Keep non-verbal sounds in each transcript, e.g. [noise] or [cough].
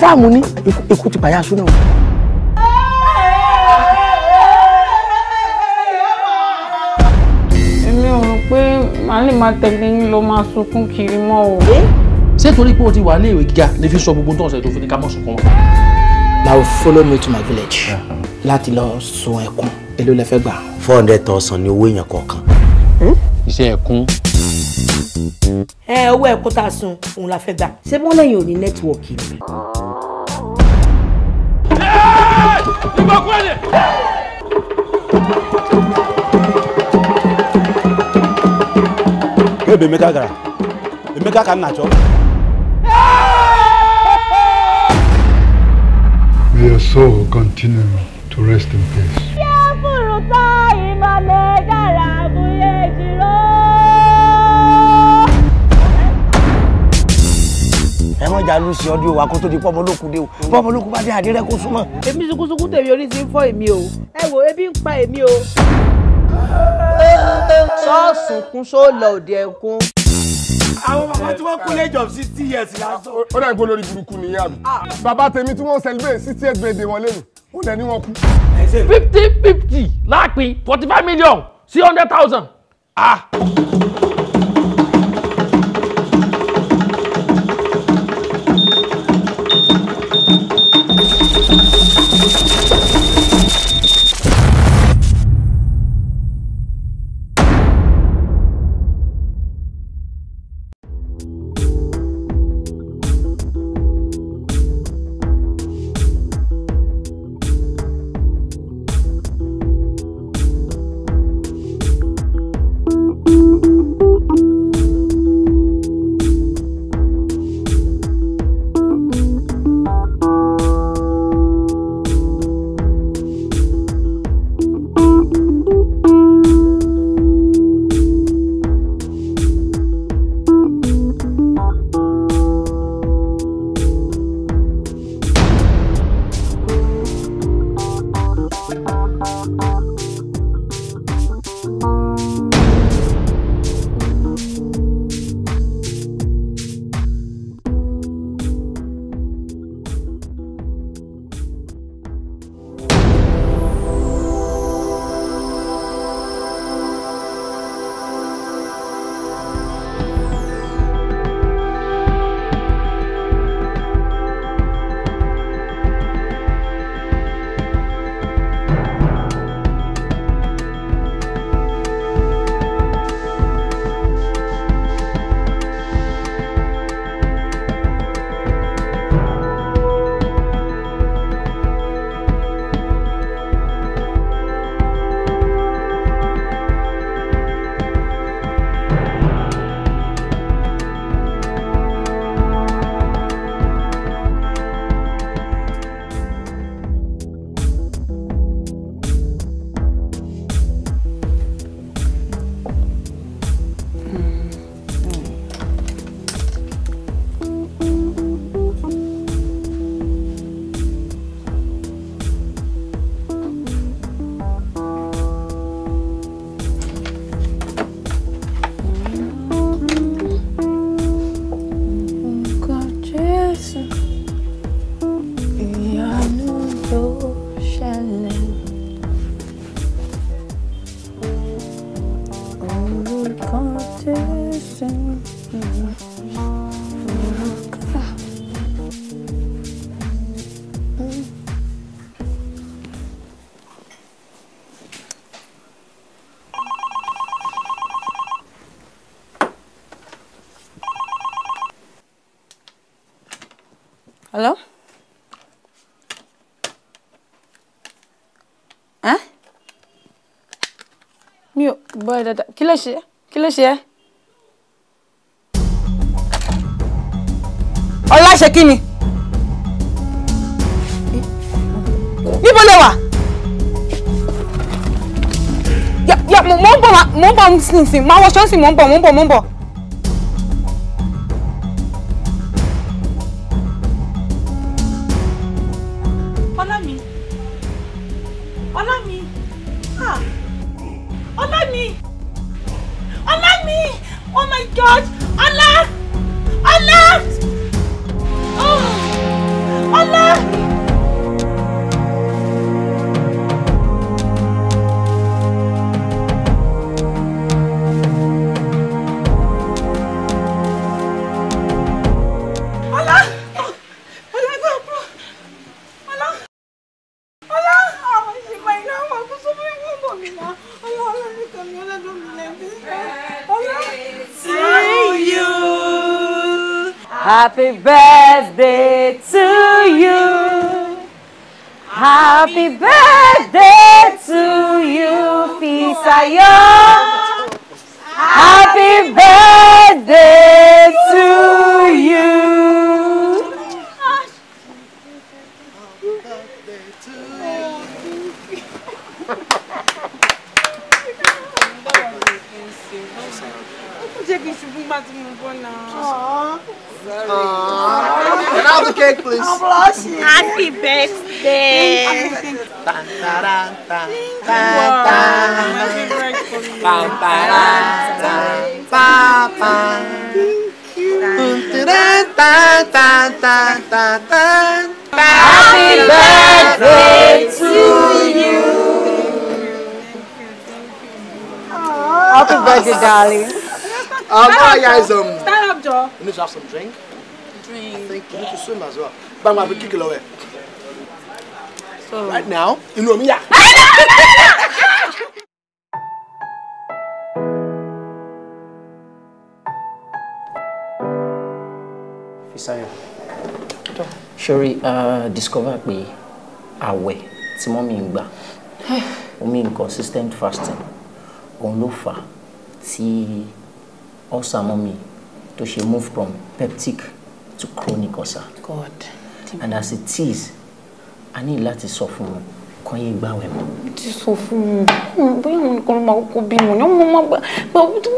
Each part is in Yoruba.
kọ̀ǹfàmù ní ikú ti pàyà súná. èmi ò rò pé màá lè máa tẹ̀lé máa sunkún kiri mọ́ o. ṣé torí pé o ti wà léèwé gíga ni fi sọ gbogbo tó ń sọ ètò òfin ní ká mọ̀ sunkún now follow me to my village láti lọ sun ẹkún èló lẹ fẹ́ gbà. four hundred thousand ni owó èèyàn kọ̀ọ̀kan. Hmm? iṣẹ́ ẹkún ẹ owó ẹ̀kọ́ tá a sun òun la fẹ́ gbà ṣé mọ́lẹ́yìn ò ní nẹ́tíwọ̀kì ni ìgbà are so continuing to rest in peace. ẹ mọ jà lùsì ọdún wa kó tó di pọmọ olókùn dé o mm. pọmọ olókùn bá dé àdírẹ kó súnmọ́. èmi sunkúnsunkún tèmi orí ti ń fọ́ èmi o ẹ wo ebi ń pa èmi o. ṣọ́ọ̀sì kún ṣó lọ ẹ̀kún. àwọn bàbá tí wọ́n kún lẹ́jọ́ sixty years lásán. ó dà gbọ́ lórí burúkú nìyẹn àbí. Ah. bàbá tèmi tí wọ́n celebrate sixty years birthday wọn lẹ́nu ó lẹ́ ní wọn kú. fifty fifty láàpin forty five million six hundred thousand. ah. Hello? Ẹ́n? Mi ò gbọ́ ẹ dáadáa. Kí ló ṣe ẹ́? Kí ló ṣe ẹ́? Ọlá ṣe kí ni? Níbo lè wà? Mo ń bọ̀ mo ń bọ̀ nísinsìnyí. Máa wọṣọ sí mo ń bọ̀ mo ń bọ̀ mo ń bọ̀. be Happy birthday, darling. Um, yeah, is, um, Stand up, Joe. You need to have some drink. Drink. I think you need to swim as well. Bang, I'll be kicking away. So. Right now, you know me, yeah. [laughs] Fisayo. Sori, uh, discover pé àwẹ̀ tí mọ́mí ń gbà. Omi eh. inconsistent fasting òun ló fà á tí ulcer mummy tó ṣe move from peptic to chronic ulcer. God. and as it is a ní láti sọ fún wọn kan yé gbà wẹ̀ mọ́. mo ti sọ fún un bóyá òun nìkan ló máa kókó bí mo ní ọmọ máa gbà gbà ó tó.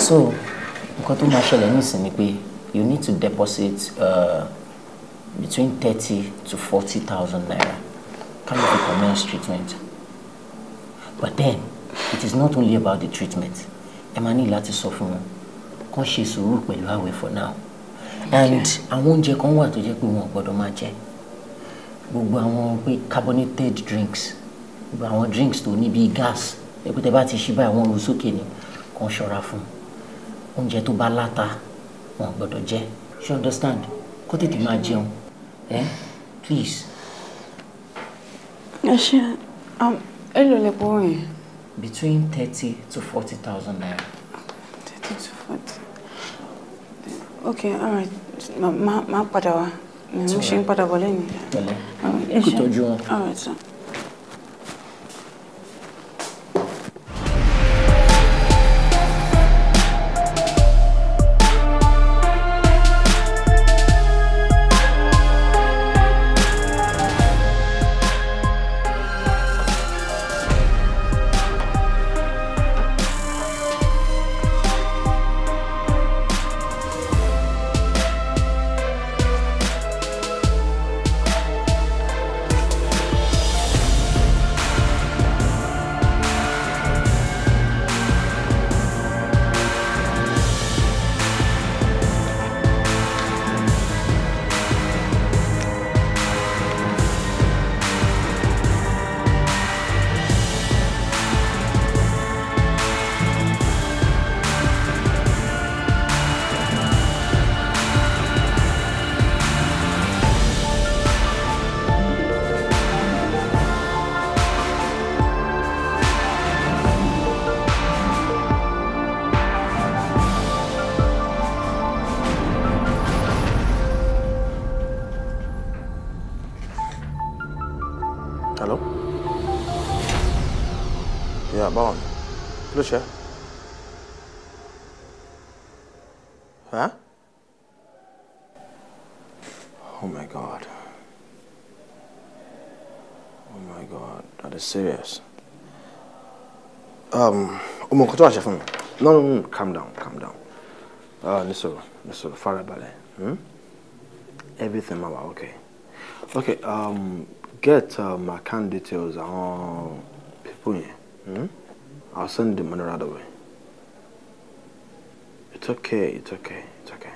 so nǹkan tó máa ṣẹlẹ̀ nísìnyí ni pé you need to deposit uh, between thirty to forty thousand naira can you recommend treatment but then it is not only about the treatment Emani máa ní láti sọ fún wọn kán ṣe for now and àwọn oúnjẹ kan wà tó jẹ́ pé wọn ò gbọ́dọ̀ máa jẹ gbogbo àwọn pé carbonated drinks gbogbo àwọn drinks tó ní bíi gas ẹgbẹ́ tẹ bá ti ṣí báyìí wọ́n ru sókè ni kàn ṣọ́ra fún oúnjẹ to bá lata. wọn ò gbọ́dọ̀ jẹ you understand kó tètè máa jẹun ẹ eh? please. ẹ Um èlò lè gbowó yẹn. between thirty to forty thousand naira. thirty to forty okay all right. ma ma padawa. wá mo ṣe ń padà bọ̀ lẹ́yìn. pẹ̀lẹ́ kò tọ́jú wọn. alright sir. mọ nǹkan tó wà ṣe fún mi no no no calm down calm down ní sọ̀rọ̀ ní sọ̀rọ̀ farabalẹ̀ everything ma wà okay okay um, get uh, my account details àwọn people yẹn hmm? I'll send the money right away it's okay it's okay it's okay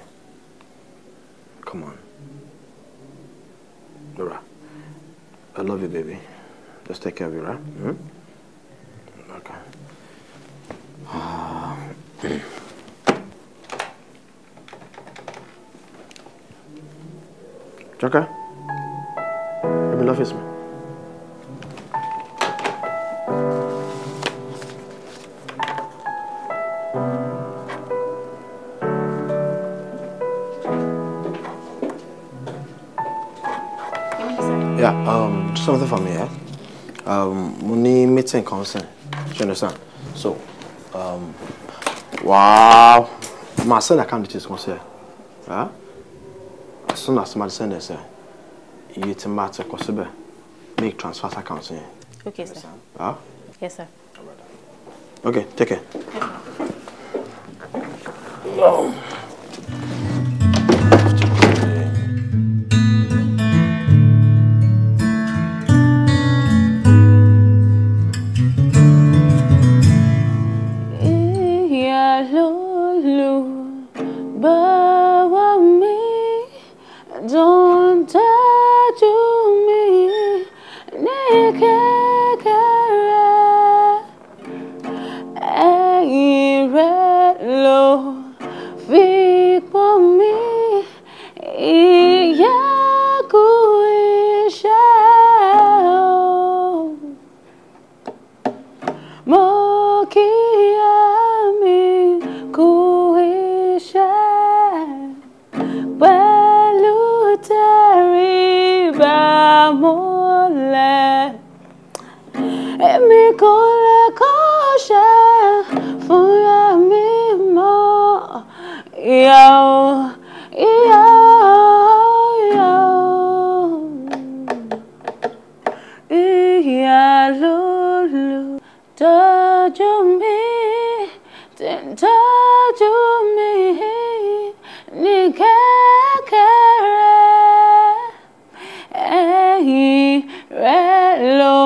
come on Laura I love you baby just take care of you right hmm? okay. Um, Joker, I'm in Yeah, um, something for me, yeah? Um, need meeting concern. Do you understand? So, Um, wow. Ma send account details kan sẹ. As soon as ma send ẹ sẹ, iye tí ma ti kọ make transfer account yẹn. Okay sir. Huh? Yes sir. Okay, take care. Okay. Um. kò lè kọ́ṣẹ́ fúnra mi mọ́ ìyá o ìyá o ìyá o ìyá ló lò tọ́jú mi tọ́jú mi ní kékeré ẹ̀yìn rẹ̀ lò.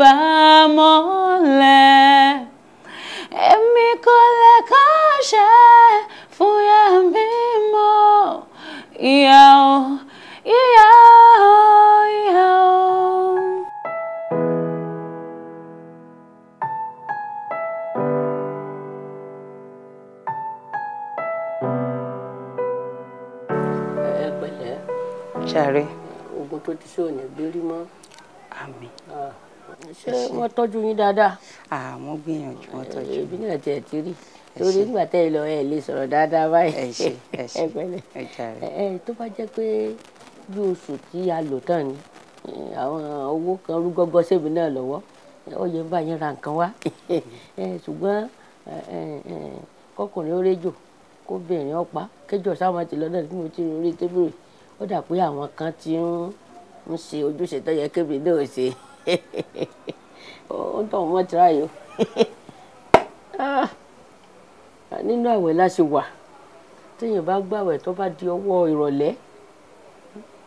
bá mọ́lẹ̀ èmi kò lè kọ́ṣẹ́ fúyà mi mọ́ ìyá o ìyá o ìyá o. ṣàárẹ̀. ogun tó ti ṣe ò ní gbérí mọ́. àmín. Ah ṣé wọ́n tọ́jú yín dáadáa. àmọ́ gbìyànjú wọ́n tọ́jú mi. èmi náà tiẹ̀ ti rí torí nígbà tẹ́ ẹ lọ ẹ lè sọ̀rọ̀ dáadáa báyìí. ẹ ṣe ẹ [laughs] ṣe ẹ jàre. ẹ tó bá jẹ́ pé bí oṣù tí a lò tán ni àwọn owó kan rú gọ́gọ́ sẹ́mi náà lọ́wọ́ ó yẹ bá yín ra nǹkan wá [laughs] ṣùgbọ́n kọkùnrin ó réjò kóbìnrin ọ̀pá kéjọ sáwọn ti lọ́dọ̀ tí mo ti rí orí tébùrì ó dà pé àwọn kan ti ń ṣe ojúṣe tó yẹ kébìnrin náà ṣe ó dán ọmọ yìí o nínú àwẹ̀ la ṣe wà téèyàn bá gbàwẹ̀ tó bá di ọwọ́ ìrọ̀lẹ́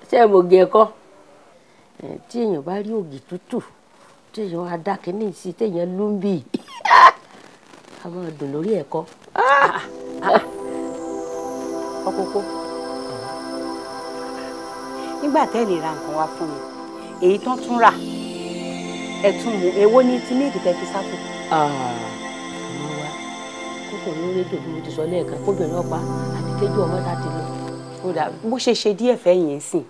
ṣé ẹ gé ẹ̀kọ́ eh, tí bá rí ògì tútù tí èèyàn adákínní sí téèyàn ló ń bì á [laughs] máa dùn lórí ẹ̀kọ́ [laughs] ọkọ̀ọ̀kọ̀. nígbà tẹ́lẹ̀ ra nǹkan wá fún mi èyí tán tún rà ẹ tún mú èwo ní ti mílìkì tẹ́ fi sápò. àmọ́ ah, wa kókò ní rédíò bí mo ti sọ lẹ́ẹ̀kan kóbìnrin ọ̀pá àti kéjú ọmọ láti lọ. kódà bó ṣe ṣe díẹ̀ fẹ́ yẹn sìn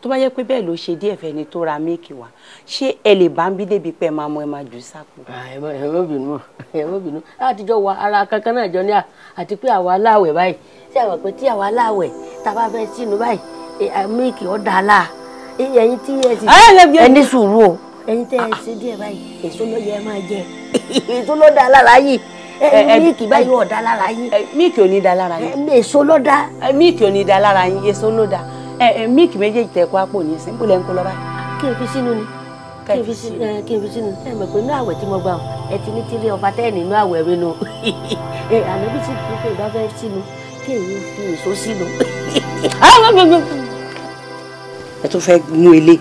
tó bá yẹ pé bẹ́ẹ̀ ló ṣe díẹ̀ fẹ́ ni tó ra mílìkì wá ṣé ẹ lè bá ń bí débi pé ẹ máa mọ ẹ máa jù sápò. Ah, ẹ má bínú ẹ má bínú látijọ́ wa ara kankan náà jọ ní à àti pé àwa aláwẹ̀ báyìí tí àwọn àwa aláwẹ̀ tá a bá fẹ́ sínú báyìí mílìkì ọ̀dà àlà ẹ̀yìn tí ẹni sùúrù o ẹ̀yin tẹ́ ẹ ṣe díẹ̀ báyìí èso ló yẹ máa jẹ [laughs] èso ló dá lára yìí míìkì báyìí ò dá lára yìí. míìkì ò ní dá lára yìí. èso ló dá. míìkì ò ní dá lára yìí èso ló dá míìkì méjèèjì tẹ kó àpò yìí síbò lẹ́ńkó lọ́ba. kí n fi sínú ni kí n fi sínú kí n fi sínú ẹ mọ̀ pé inú àwẹ̀ tí mo gbà ọ ẹ ti ní tírí ọba tẹ́ ẹ̀ nínú àwẹ̀ mi nu [laughs] àná bí sì kí n fi ìgbà fẹ́ sínú kí n fi èso sínú. [laughs] Ah! ẹ tún fẹ́ mú ilé.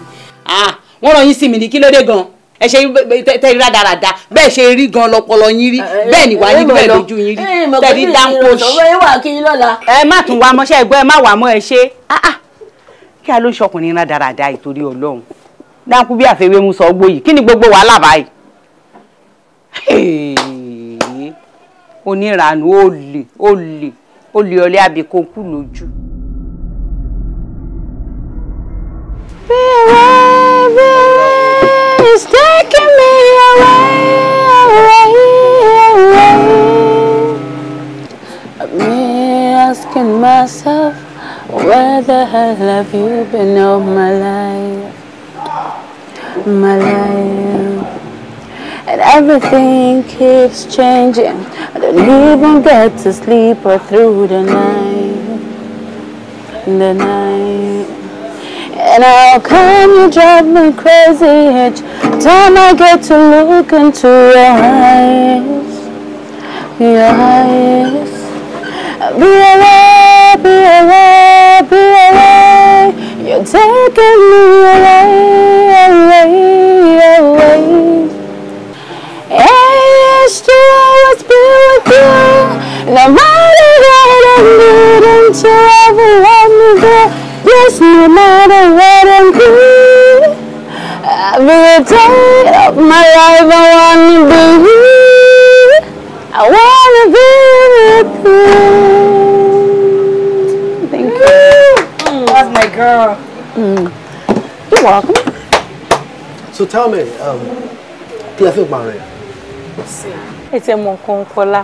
Ah! wọ́n ràn yín sí mi ní kí ló dé gan ẹ ṣe tẹ́rí rádaràda bẹ́ẹ̀ ṣe rí gan lọ́pọlọ yín rí bẹ́ẹ̀ ni wàá yín bẹ́ẹ̀ lójú yín rí tẹ́rí dáńkó ẹ má tún wá mọ́ṣẹ́ ẹgbẹ́ ẹ má wà mọ́ ẹ ṣe ah, ah. kí a ló ṣọkùnrin rádaràda ìtorí ọlọ́run dáńkú bí àfẹ́wé mú sọ gbòyì kí ni gbogbo wàhálà báyìí onírànú olè olè olè ọlẹ́ àbíkó kú lójú. bẹ́ẹ̀ wá. is taking me away, away, away. me asking myself, where the hell have you been all my life? My life. And everything keeps changing. I don't even get to sleep or through the night. The night. And how come you drive me crazy each time I get to look into your eyes, your eyes. Be away, be away, be away. You're taking me away, away, away. I used to always be with you. No matter what I did until you ever want me there. Yes, no matter what I'm doing, I've been tired of my life. I wanna be here. I wanna be with you. Thank you. That's my girl. Mm. You're welcome. So tell me, um, kí la fi pa rẹ̀? Ètè mọ̀ kan kọ́lá,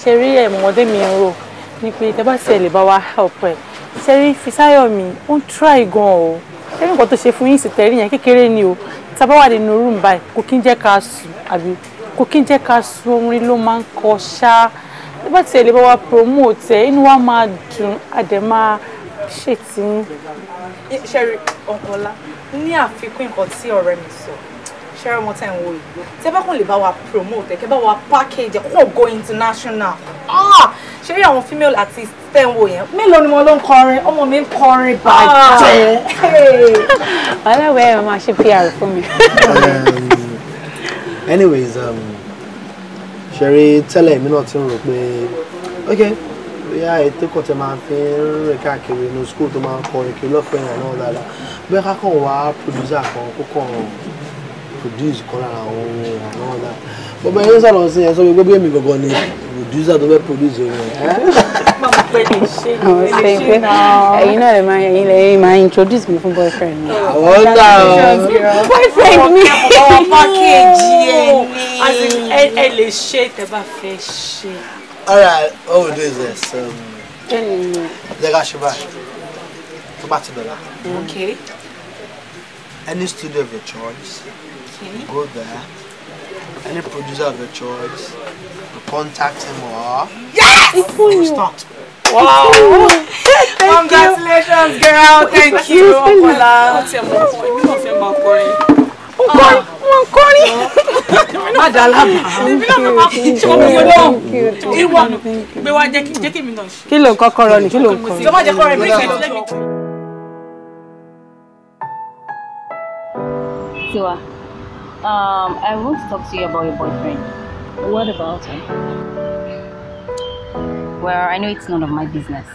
ṣe rí ẹ̀mọ́dé mi ń rò ní pé tẹ bá tiẹ̀ help ẹ̀ ṣẹ́rí Fisáyọ̀mí ó ń try gan o ṣẹ́rí nǹkan tó ṣe fún yín ìsìtẹ́rì yẹn kékeré ni o tábà wà nínú rúùmù báyìí kò kí ń jẹ́ ká sùn àbí kò kí ń jẹ́ ká sùn orin ló máa ń kọ ṣá nígbà tí ẹ lè bá wa promote ẹ inú wa máa dùn àdẹ máa ṣètì yín. ṣẹ́rí ọ̀kọ́lá ní àfikún nǹkan tí ọ̀rẹ́ mi sọ ṣẹ́rí ọmọ tẹ̀ ń wo yìí tẹ́ bá kàn lè bá wa promote ẹ kẹ́ bá wa package ẹ kó go international. Ah! ṣé rí àwọn female artist tẹ́ ń wò yẹn mélòó ni wọn ló ń kọrin ọmọ mi ń kọrin bàjẹ́. Ah. ọlọ́wẹ́ ẹ̀ máa ṣe pr fún mi. [laughs] anyways um, ṣeré tẹ́lẹ̀ mi náà ti ń rò pé ok bóyá ètò kan tẹ máa fi ń rìn káàkiri inú school tó máa ń kọrin kiri lọ́fẹ̀ẹ́ yẹn náà dáadáa bóyá kákan wá producer kan kó kàn produce kan lára àwọn ohun àwọn ọ̀la bọ́bá yẹn sọ̀rọ̀ sí yẹn sọ pé gbẹ́bí èmi gangan ni producer tó fẹ́ produce ohun ẹ̀. ẹ̀yin náà lè máa ẹ̀yin lè máa introduce mi fún boyfriend mi. àwọn boyfriend me? ọ̀pọ̀ pàkéjì ẹ̀ ni ẹ lè ṣe tẹ́ bá fẹ́ all right what we do is this. Um, jẹ́ká ṣe báyìí tó bá ti dọ̀la. okay. any studio of your choice. Okay. Go there. Any producer of your choice, you contact him or yes, you start. Wow! Congratulations, you. girl. Thank you, Okola. Okola. wọn kọrin adala ibi náà máa fi tí wọn fi lọ ìwọ gbé wá jẹ́ kí mi náà ṣe. kí ló ń kọ́kọ́rọ́ ni kí ló ń kọ́. ìjọba jẹ́ kọ́rọ́ ìbí ìṣẹ̀lẹ̀ lẹ́bi. tiwa Um, I want to talk to you about your boyfriend. What about him? Well, I know it's none of my business.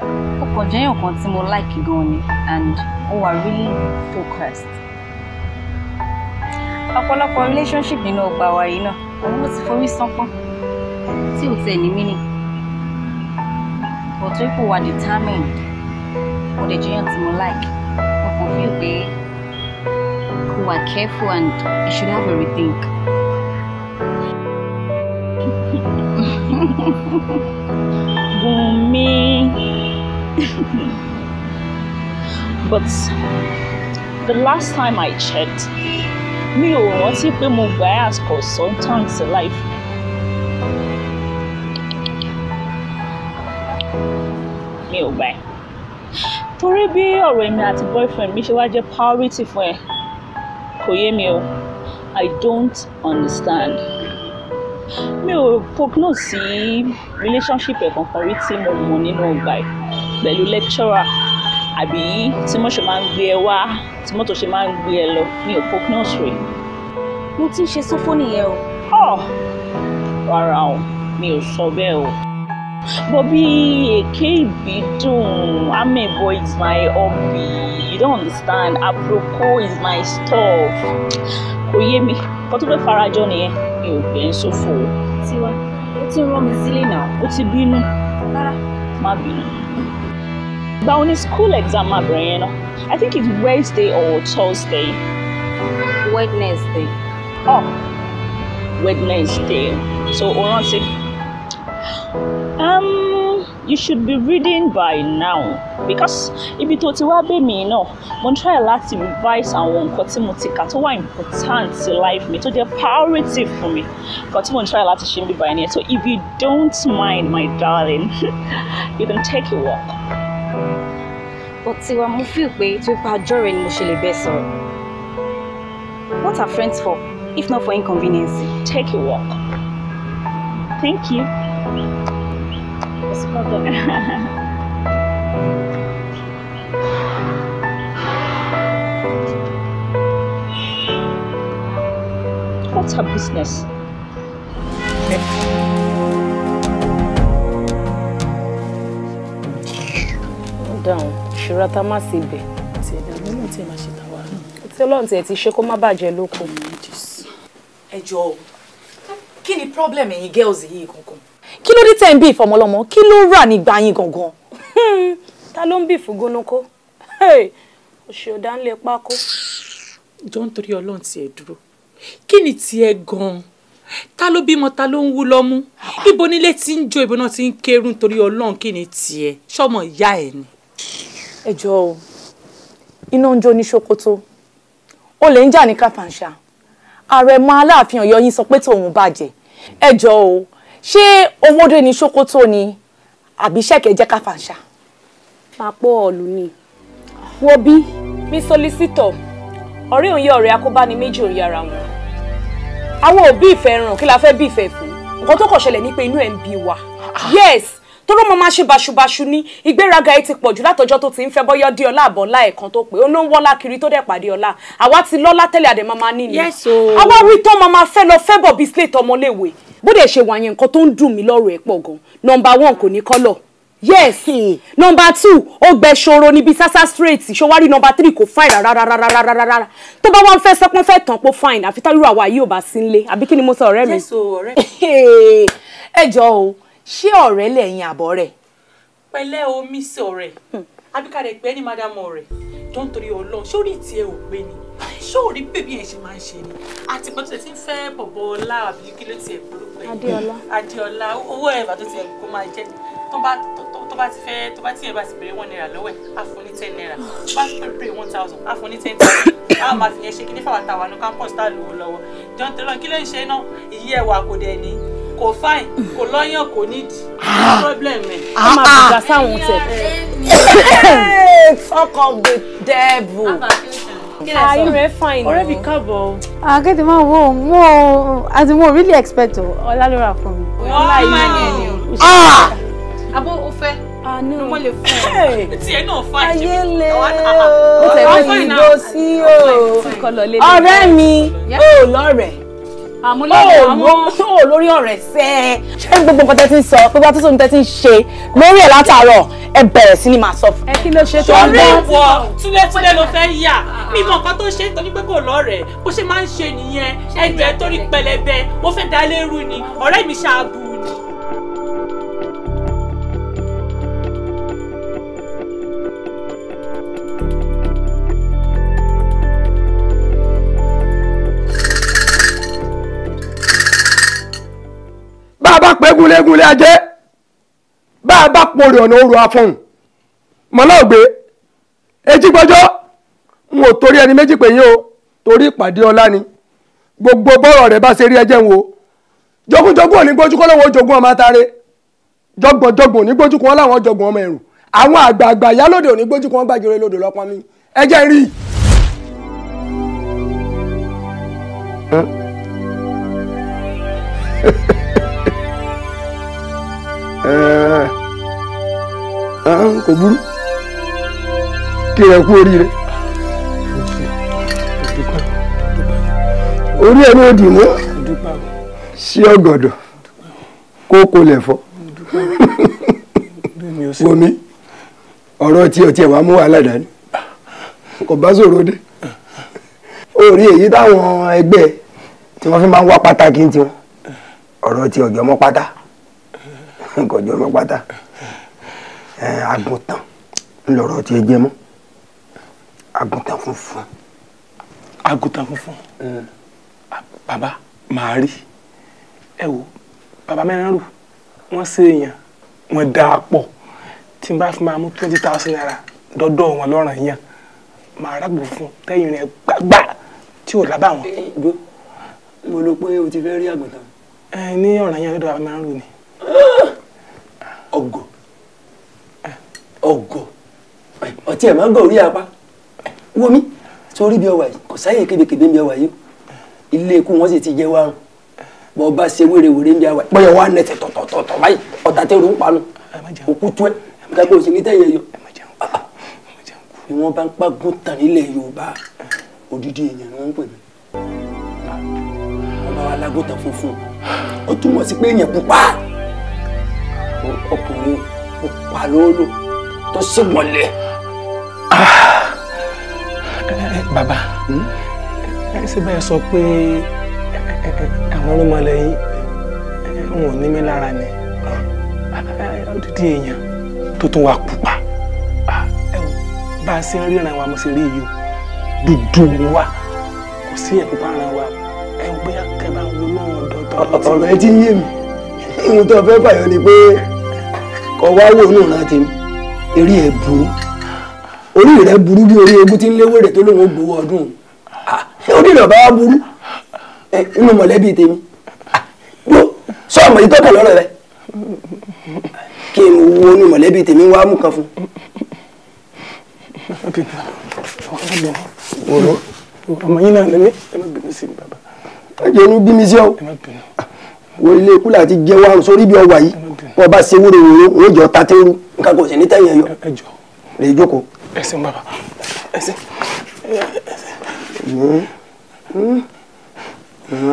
But jẹ́ èèyàn kan tí mo like you, ni and ó are really focused. Ọ̀pọ̀lọpọ̀ relationship nínú ọgbà wa yìí náà, òun ló ti forí sánpọ́n tí ò tẹ̀ ní mínì. Ọ̀tún ipò wà determined, ó the jẹ́ èèyàn tí mo like. Mo kàn feel people were careful and you should have a rethink. Bùnmi. but the last time I checked, me mi ò rántí pé mo gbà ẹ́ as in life. Me or gbà ẹ́. Torí bí ọ̀rọ̀ èmi àti boyfriend mi ṣe wá jẹ́ priority fún ẹ kò o i don't understand mi ò prognose sí relationship ẹ̀kan kan rí tí mo mọ̀ nínú ọgbà ẹ̀ pẹ̀lú lecturer àbí tí mo ṣe máa ń gbé ẹ wá tí mọ́tò ṣe máa ń gbé ẹ lọ mi ò prognose rẹ̀. mo ti ń ṣe sófó nìyẹn o. ọ oh, rárá o mi ò sọ bẹ́ẹ̀ o. Bobby Ekebidun, boy. is my hobby. You don't understand. Aproko is my stuff. Kò yé mi, kò tó fẹ́ farajọ nìyẹn. Mi ò gbẹ́ ń ṣòfò. Tiwa, ó ti rán mi sílé náà. Ó ti bínú. Rárá. Má bínú. Gba oní school exam máa bẹ̀rẹ̀ yẹn náà. I think it's Wednesday or Thursday. Wednesday. Oh, Wednesday. So, o rántí um, you should be reading by now because ibi tó ti wá bẹ̀ mí náà mo ń try láti revise àwọn nǹkan tí mo ti kà tó wà important to life mi tó jẹ́ priority fún mi nǹkan tí mo ń try láti ṣe níbi báyìí nìyẹn so if you don't mind my darling [laughs] you can take a walk. ó ti wá mo feel pé tó ipa jọ̀rẹ́ ni mo ṣe lè bẹ́ẹ̀ sọ̀rọ̀ what are friends for if not for inconvenience. take a walk thank you. Tapos ko That's her business. down ṣùgbọ́n tá a má ṣe bẹ̀. ti ẹ̀dá ọlọ́run tí ẹ máa ṣe tàwa náà. tí ọlọ́run tí ẹ ti ṣe kó má bàjẹ́ lóko. ẹ jọ̀ọ́ kí ni problem ẹ̀yin girls yìí kankan ló dé tẹ̀ ń bí ìfọmọlọ́mọ kí ló rà nígbà yín gangan. [laughs] ta ló ń bí ìfúngúnukó òṣèòdà ń lè pákó. jọ ń torí ọlọ́run tiẹ̀ dúró kí ni tiẹ̀ gan-an ta ló bímọ ta ló ń wú lọ́mú ibo nílé tí ń jó ibo náà ti ń kérun torí ọlọ́run kí ni tiẹ̀ sọmọ ìyá ẹ̀ ni. ẹ jọ o iná ń jó ní ṣòkòtò ó lè ń jà ní káfàǹṣà ààrẹ mọ aláàfin Ọ̀yọ́ yín sọ pé tòun bàjẹ́ ẹ o ṣé owódé ni ṣòkòtò ni àbí ṣẹ̀kẹ̀ jẹ́ káfàṣà. papọ̀ ọ̀lù ni wọ́n bí. mi solicitor ọ̀rẹ́ òun yẹ ọ̀rẹ́ akóbáni méjì òun yára wọn. àwọn òbí ìfẹ́ ràn kí la fẹ́ bí ìfẹ́ fún nǹkan tó kàn ṣẹlẹ̀ ní pé inú ẹ̀ ń bí wa. yes tóró mo máa ṣe báṣubàṣu ní ìgbéraga ẹ ti pọ̀ jù látọjọ́ tó ti ń fẹ́ bọ́yọ́ dé ọlá àbọ̀ ńlá ẹ̀kan tó pé ó ló ń wọ́lá kiri tó dẹ̀ pàdé ọlá àwa ti lọ́lá tẹ́lẹ̀ àdè máa máa nílẹ̀ àwa wí tán máa máa fẹ́ lọ fẹ́ bọ̀ bíi sílẹ̀ tọmọléèwé bó dẹ̀ ṣe wà yẹn nǹkan tó ń dùn mí lọ́rọ̀ ẹ̀ pọ̀ gan nọmba one kò ní kọ́lọ̀ yes nọmba two ó gbẹ ṣòro níbi sasa straight ṣọwárí nọmba three kò fine rárárárárárárá tó bá wọn fẹ́ sẹpọn fẹ́ tàn pọ fine àfi tá irú àwa yìí ò bá sí nílé àbí kí ni mo sọ ọ̀rẹ́ mi. jésù ọ̀rẹ́ mi. [laughs] ẹ jọ o ṣé ọ̀rẹ́ lẹ́yìn àbọ̀ rẹ̀. pẹ̀lẹ́ o mi sí ọ̀rẹ́ hmm. àbíkàrẹ pẹ ní madam ọ̀rẹ́ tó ń torí Ọlọ́run ṣé ó rí tiẹ̀ ò pé ni ṣó rí bèbí ẹ̀ ṣe máa ń ṣe ni àti pé tó ń fẹ́ bọ̀bọ̀ ọlá àbí kí ló tiẹ̀ burúkú ẹ̀ adéọlá adéọlá owó ẹ̀ tó tiẹ̀ kó máa jẹ́ tó bá ti fẹ́ tó bá tiẹ̀ bá ti béèrè one naira lọ́wọ́ ẹ̀ ní ten naira tó bá béèrè one thousand á ní ten thousand á máa fi yẹn ṣe kí ní fàwọn àtàwọn campus tá a lò ó lọ́wọ́ john taylor kí ló ń ṣe náà ìyí ẹ̀wà kò dẹ̀ ni kò fáìn kò lọ́yàn kò nídìí problem ẹ̀ á máa bùjá sáwọn tẹ̀. talk of the devil ayé rẹ̀ fine ọ̀rẹ́ I get oh. ah, the man wo mo as in mo really expect o oh, ọlá ló rà fún mi. ọlá yìí ni ẹni o. abo o fẹ́ I'm ah, lè fún ẹ [laughs] tiẹ̀ náà ah, fún àjẹmí ayé lè o tẹ̀wé ìgbó sí o Oh, mi o oh, lọ́rẹ̀ẹ́ ó lórí ọ̀rẹ́ sẹ́ ṣé gbogbo nǹkan tẹ́ ti ń sọ gbogbo àtúntò nǹkan tẹ́ ti ń ṣe lórí ẹ̀ látàárọ̀ ẹ bẹ̀rẹ̀ sí ni màá sọ fún. ẹ kí ló ṣe tó ń bọ̀. sọ̀rọ̀ ìwọ túlẹ̀túlẹ̀ ló fẹ́ yà mi mọ nǹkan tó ṣe nítorí pé kò lọ́rẹ̀ẹ́ bó ṣe máa ń ṣe nìyẹn ẹnu ẹ torí pẹlẹbẹ ó fẹ́ dá ni ọ̀rẹ́ mi ṣáà bá a bá pé egunlé egunlé ajé bá a bá pòrè ọ̀nà oru afọ́hùn mọ́lọ́gbé ogbe gbọ́jọ́ n ò torí ẹni méjì pé yín o torí ìpàdé ọlá ni gbogbo bọ́rọ̀ rẹ̀ bá ṣe rí ẹjẹ́ ń wo jogunjogun ò ní gbójú lọ́wọ́ jogun ọmọ atare jọgbọ̀njọgbọ̀n ò ní láwọn jọgbọ̀n ọmọ ẹ̀rù àwọn àgbààgbà yálòdì ò ní gbàgìrì lòdì lọ́pọ̀ mi ẹjẹ́ [laughs] Eh, eh. Ah, kò burú kí ẹ kú oríire orí ẹ ní òdì mọ́ sí ọ̀gọ̀dọ̀ kó kó lẹ̀ fọ́ wọmi ọ̀rọ̀ tí ọtí ẹ̀ wá mú wàhálà dání kò bá sọ̀rọ̀ dé orí èyí táwọn ẹgbẹ́ tí wọ́n fi máa ń wá pátá tiwọn ọ̀rọ̀ tí ọ̀jọ̀ mọ́ pátá nǹkan jọmọ pátá àgùntàn ńlọrọ tí ẹ jẹ mọ́ àgùntàn funfun. àgùntàn funfun mm. bàbá màá rí ẹ wo bàbá mẹ́rin rù wọ́n ṣe èèyàn wọ́n dà á pọ̀ tí n bá fi máa mú twenty thousand naira dọ́dọ̀ wọn lọ́ràn yẹn màá rágbó fún tẹ́yìn rẹ̀ gbàgbà tí ò lábàwọ́n. mo lọ pé o ti fẹ́ rí àgùntàn. ẹ ní ọ̀ràn yẹn lọ́dọ̀ bàbá mẹ́rin ni. tí ẹ̀ máa ń gàn orí apá wo mi sórí bí ọwà yìí kò sáyè kébékébé bí ọwà yìí ilé ikú wọn sì ti jẹ́ wárùn bọ́ ọba ṣe wérewère bí ọwà bọ́yọ̀ wá nẹ̀tẹ̀ tọ̀tọ̀tọ̀ báyìí ọ̀tà tẹ̀rù ń panu òkú tú ẹ̀ gbàgbé òsì ní tẹ̀yẹ yọ ah, ah. bí wọ́n bá ń pagún tàn nílẹ̀ Yorùbá odidi èèyàn ni wọ́n ń pè mí wọ́n bá wa lágùntàn funfun ó túmọ̀ sí pé èèyàn pupa ọkùnrin pupa lóòlò tó ṣègbọ̀nlẹ̀. Eh, bàbá ẹ ṣe báyìí sọ pé eh, eh, àwọn ọlọ́mọlẹ̀ yìí wọn ò ní mí lára ni odidi èèyàn tó tún wà pupa ah, bá a ṣe ń ríran wa mo ṣe rí yìí o dúdú ni wa kò sí ẹ̀ pupa ran wa ẹ ń bóyá kẹba wo náà dọ́tọ́. ọ̀rọ̀ ẹ ti ń yé mi ohun tó fẹ́ fàyọ ni pé kọ̀ wá wò ó náà rántí eré ẹ̀ burú orí rẹ̀ burú bí orí ogún tí ń léwé rẹ̀ tó lóun ó gbowó ọdún ṣé orí rẹ̀ bá wá burú inú mọ̀lẹ́bí tèmi ló sọ ọmọ yìí tọ́kà lọ́rọ̀ rẹ kí n wo inú mọ̀lẹ́bí tèmi wá mú kan fún. ọmọ yìí náà lẹ́wẹ́ ẹ má bínú sí mi bàbá. ọjọ́ inú bí mi sí ọ wo ilé ikú láti jẹ́ wàrùn sórí ibi ọwà yìí wọ́n bá ṣe wúrowòrò wọ́n jọ tatẹ́rù nǹkan kò sí ní tẹ̀yìn ẹ̀yọ rèé jókòó ẹ ṣeun bàbá ẹ ṣe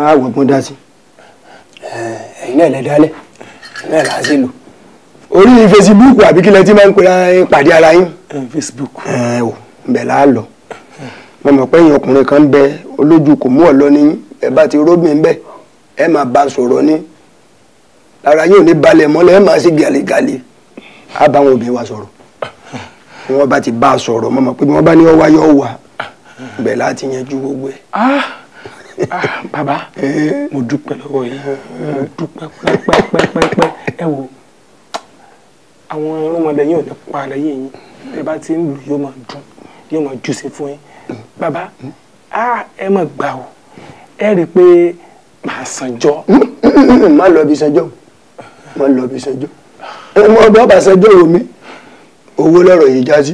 àwọ̀ gbọ́n dá sí. Eh, ẹ̀yin náà lẹ dálẹ̀ náà là á sí lò. orí fesibúùkù àbí kílẹ̀ tí máa ń pera pàdé ara yín. Eh, fesibúùkù. ẹ eh, ò bẹ̀ là á lọ. mo mọ̀ pé ẹ̀yin ọkùnrin kan bẹ olójú kò mú ọ̀lọ́ ní ẹ bá ti róbìn ń bẹ̀ ẹ máa bá a sọ̀rọ̀ ní. ara yóò ní balẹ̀ mọ́lẹ̀ ẹ máa ṣe gàlégàlé. a bá àwọn obìnrin wa sọ̀rọ̀ bí wọ́n bá ti bá a sọ̀rọ̀ mọ́mọ́ pé bí wọ́n bá ní ọwá yọ wà bẹ̀ láti yanjú gbogbo ẹ̀. Ah, ah, bàbá eh. mo dúpẹ́ lọ́wọ́ yìí mo dúpẹ́ pẹ́pẹ́pẹ́pẹ́ ẹ wo àwọn ọmọdé yìí ò ní pa ara yìí yín ẹ bá ti ń lù yóò máa dùn yóò máa jù sí fún yín bàbá ah, ẹ mọ̀ gbà o ẹ rí i pé màá sanjọ́. Mm, mm, mm, má lọ ibi sanjọ́ má lọ ibi sanjọ́ ọmọ ọba sanjọ́ omi owó lọ́rọ̀ yìí já sí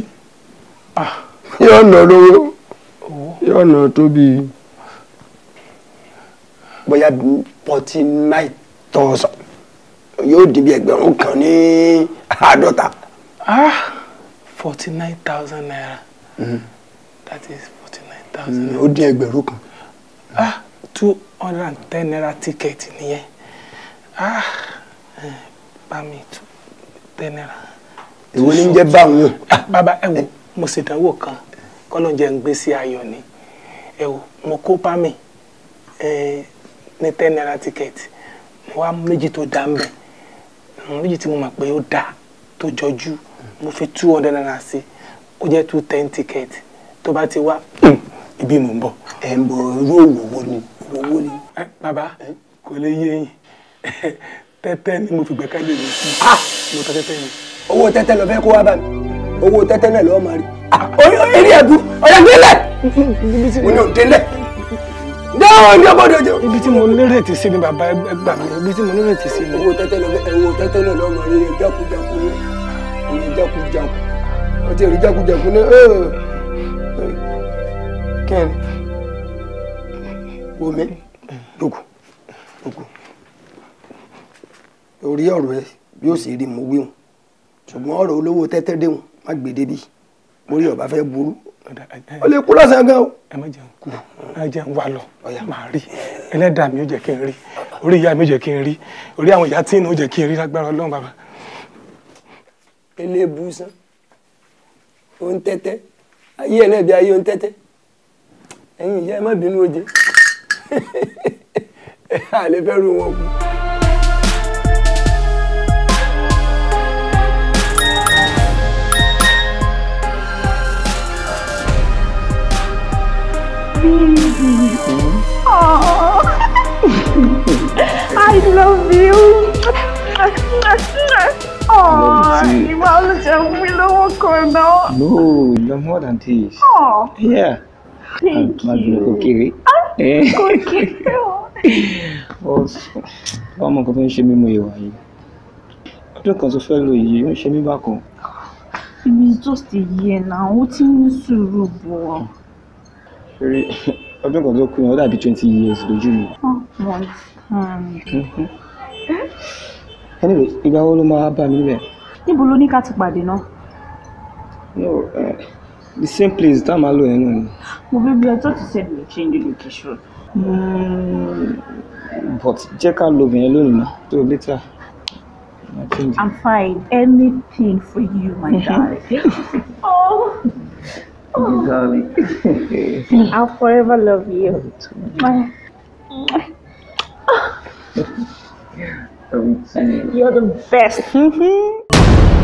ah. yóò nà lówó yóò nà tó bíi bóyá forty nine thousand yóò di bí ẹgbẹ̀rún kan ní àádọ́ta. Ah! forty nine thousand naira mm-hmm. that is forty nine thousand. Mm-hmm. ó dín ẹgbẹ̀rún kan. Ah! two hundred and ten naira ticket nìyẹn eh, bá mi two ten naira èwo ni ń jẹ́ báwọn. Ah, bàbá ẹ wo mo ṣèdánwò kan kọ́lọ́njẹ ń gbé sí ayọ̀ ni ẹ wo mo kó pámì ní ten naira ticket mo wá méjì tó dá mbẹ méjì tí mo mọ̀ pé ó dá tó jọjú mo fi two hundred naira sí ó jẹ́ two ten ticket tó bá ti wá hmm, ibi mò ń bọ̀ ẹ̀ ń bọ̀ irú òwòwò ni òwòwò ni. bàbá kò lè yé yín [laughs] tẹ́tẹ́ ni mo fi gbẹ́kẹ̀lé mi sí ah! mo tọ́ tẹ́tẹ́ yìí. owó tẹ́tẹ́ lọ fẹ́ kó wá bá mi owó tẹ́tẹ́ náà lọ́ọ́ máa rí eré ẹ̀bù ọ̀yà délẹ̀ mo ní dáhùn ní ọgbọ́dọ̀ jẹ́. ibi tí mo nírètí sí ni bàbá ẹgbà mi ibi tí mo nírètí sí ni. owó tẹ́tẹ́ lọ fẹ́ owó tẹ́tẹ́ náà lọ́ọ́ máa ní ṣùgbọ́n ọ̀rọ̀ olówó tẹ́tẹ́ déhùn má gbé débi orí ọba fẹ́ burú ó lè kú lọ́sàn-án gan o. ẹ má jẹun kú ẹ jẹun wà lọ máa rí ẹlẹ́dàá mi ò jẹ́ kí n rí orí ìyá mi ò jẹ́ kí n rí orí àwọn ìyá tí ń ò jẹ́ kí n rí lágbára ọlọ́run bàbá. eléèbùsàn ó ń tẹ́tẹ́ ayé ẹlẹ́bi ayé ó ń tẹ́tẹ́ ẹ̀yin ìyá ẹ má bínú oje [laughs] àlè fẹ́ ru wọn kú. Oh. [laughs] I love you. Oh, you are the willow corner. No, you're more than this. Oh, yeah. Thank I'm ah, you. Kokiri. Kokiri. Ah, eh. [laughs] oh, ọmọ Oh, I'm going to mí mo ìwà yìí. Ọdún kan tó fẹ́ lò yìí, ó ń ṣe mí bákan. just a year now, ó ti ń sùúrù bọ̀. Very. ọdún kan tó kú yẹn ó dàbí twenty years lójú mi. Hmm. Hmm. anyway ìgbà wo ló máa bá mi níbẹ̀. níbo ló ní ká ti pàdé náà. no uh, the same place tá a máa lò yẹn náà ni. mo bí bí i thought you said we change the location. Mm, but jẹ́ ká lo obìnrin lónìí náà tó later. I'm fine. Anything for you, my darling. [laughs] oh. You oh. [laughs] I'll forever love you. Love you too. [laughs] You're the best. [laughs]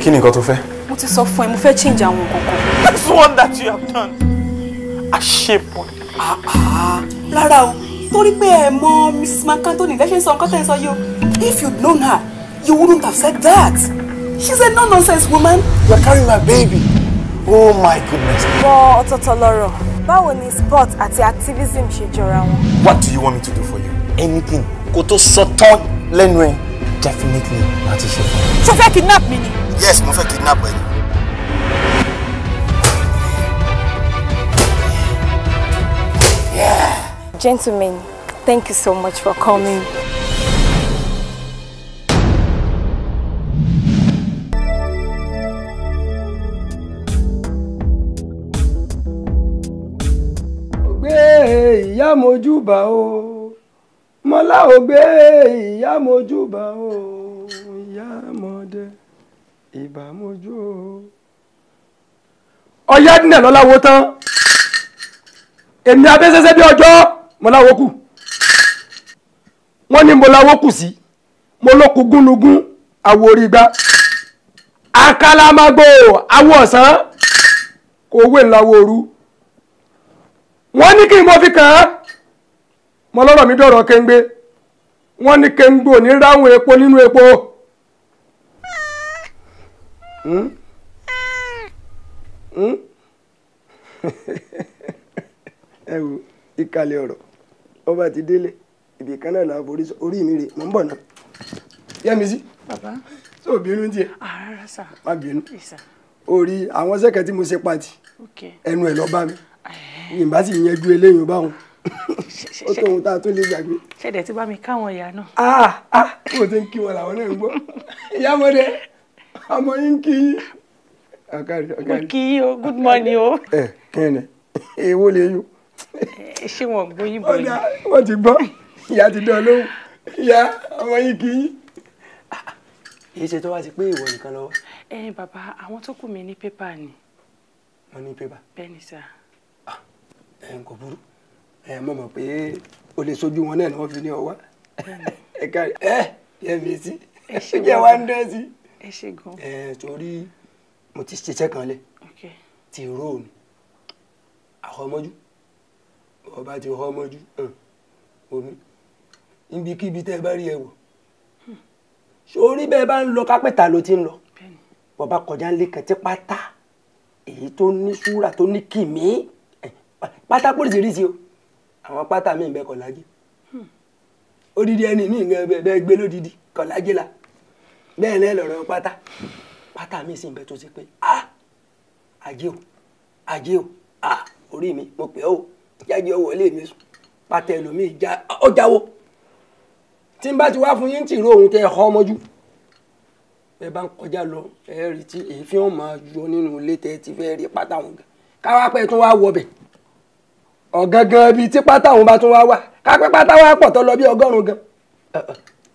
kí ni nǹkan tó fẹ́. mo ti sọ fún ẹ mo fẹ́ change àwọn kankan. that's one that you have done. àṣepọ̀. Ah, lára o torí pé ẹ mọ mrs mcantoni lẹ́sẹ̀ sọ nǹkan tẹ́ ẹ sọ yìí o if you'd known her you wouldn't have said that she's a no-nonsense woman. you are carrying my baby oh my goodness. bọ ọ̀tọ̀ọ̀tọ̀ lọ́rọ̀ báwo ni sport àti activism ṣe jọra wọn. what do you want me to do for you. anything kò tó sọ tán lẹ́nu ẹ̀ definitely láti ṣe fún mi. ṣé fẹ́ kidnap mi ni yes mo fẹ́ kidnap ẹ. Gentlemen, thank you so much for coming. ìyá mojúbà o mọlá ò gbé ìyá mojúbà o ìyá mọdẹ. ìbámojú o dínà lọ́láwo tán èmi abẹ́sẹ́sẹ́ bí ọjọ́ mo láwo kù wọ́n ní mo láwo kù sí mo ló kú gúnlugún àwo orí gbá àkàlàmàgbò àwo ọ̀sán kò wé wọ́n ní kí n fi kàn án mi dọ̀rọ̀ kéńgbé wọ́n epo nínú epo. Mm? Mm? [laughs] ẹ wo ìkàlẹ̀ ọ̀rọ̀ ọba ti délé ibì kan náà làwọn forí orí mi rè mò ń bọ̀ náà yẹ́mi sí. bàbá tó bínú díẹ̀. ara sà. má bínú. orí àwọn sẹ́kẹ̀ tí mo ṣe pati ẹnu ẹ̀ lọ bá mi yìnbá sì yẹjú eléyìí báwọn ó tó ohun tá a tó lè gbàgbé. ṣẹ̀dẹ̀ ti bá mi káwọn ìyá náà. ah ah mo ti ń kí wọn làwọn náà ń gbọ́ ìyá mọ́dẹ ọmọ yín kí yín. mo kí yín o good morning o. ẹ kẹ́ni èwo lè yún. ṣé wọn gbọ́ yín bọ̀ yìí. wọ́n ti gbọ́ ìyá ti dán lóhùn ìyá ọmọ yín kí yín. èyí ṣe tó wá sí pé ìwọ nìkan lọ. ẹ bàbá àwọn tó kù mí ní pépà ni. wọn ní pépà. bẹ́ẹ̀ni sá. Ah, ẹ kò burú ẹ mọ̀ mọ̀ pé o lè sojú wọn náà ni wọ́n fi ní ọwọ́ [laughs] ẹ kárí ẹ yẹ mi sí ẹ jẹ́ wá ń dán sí ẹ ṣe gan. ẹ torí mo ti ṣiṣẹ́ kan lẹ̀ ti ró àhọmọ́jú ọba ti họmọ́jú omi ibikíbi tẹ́ ẹ bá rí ẹ wọ̀ sórí bẹ́ẹ̀ bá ń lọ kápẹ́tà ló ti ń lọ bọ́ba kọjá ń lé kẹtí pátá èyí tó ní súrà tó ní kìmí pátá póríṣiríṣi o àwọn pátá mi ń bẹ kọ̀lájì hmm. odidi ẹni mi ń bẹ gbé lódìdí kọ̀lájì la bẹ́ẹ̀ náà lọ̀rọ̀ pátá pátá mi sì ń bẹ tó ṣe pé a ajé o ajé o a orí mi mo pè ọ́ o jáde ọwọ́ ilé mi sùn pátá ẹlòmíì já ọ jáwó tí n bá ti wá fún yín tì ró òun tẹ ẹ họ ọmọjú ẹ bá ń kọjá lọ ẹ rí tí èéfín ọmọ yọ nínú ilé tẹ ẹ ti fẹ́ rí pátá òun gan káwá pẹ́ tún wá wọbẹ̀ ọ̀gangan bíi tí pátá òun bá tún wá wà kápẹ́ pátá wá pọ̀ tọ́ lọ bí ọgọ́rùn-ún gan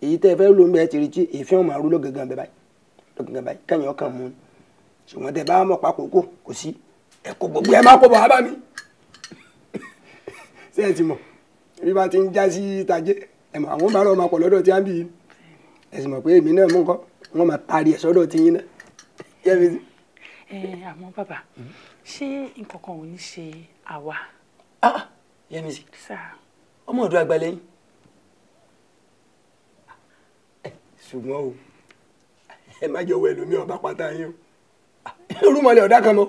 èyí tẹ́ ẹ fẹ́ ló ń bẹ́ẹ̀ ti rí tí èéfín ọmọ arúgbó gangan bẹ́ẹ̀ báyìí lọ́gangan báyìí kẹ́yìn ọkàn mú un ṣùgbọ́n tẹ́ bá mọ̀ pakòókò kò sí ẹ̀kọ́ gbogbo ẹ̀ máa kó bọ̀ wá bá mi [laughs] ṣé ẹ ti mọ̀ bí bá ti ń já sí tajẹ́ ẹ̀ mọ̀ àwọn bàárà ọmọ pọ̀ lọ́dọ̀ tí a ń bì yín ẹ̀ sì mọ̀ pé èmi náà mú nǹkan wọ́n máa taari ẹ̀ sọ́dọ̀ tí yín náà yẹ mi sí. ẹ àmọ́ bàbá ṣé nǹkan kan ò ní ṣe àwa. Ah, ah, yẹ mi sí ọmọ ṣùgbọ́n o ẹ má jọ wọ ẹlòmíì ọba pátá yín o irúmọlẹ̀ ọ̀dà kan mọ́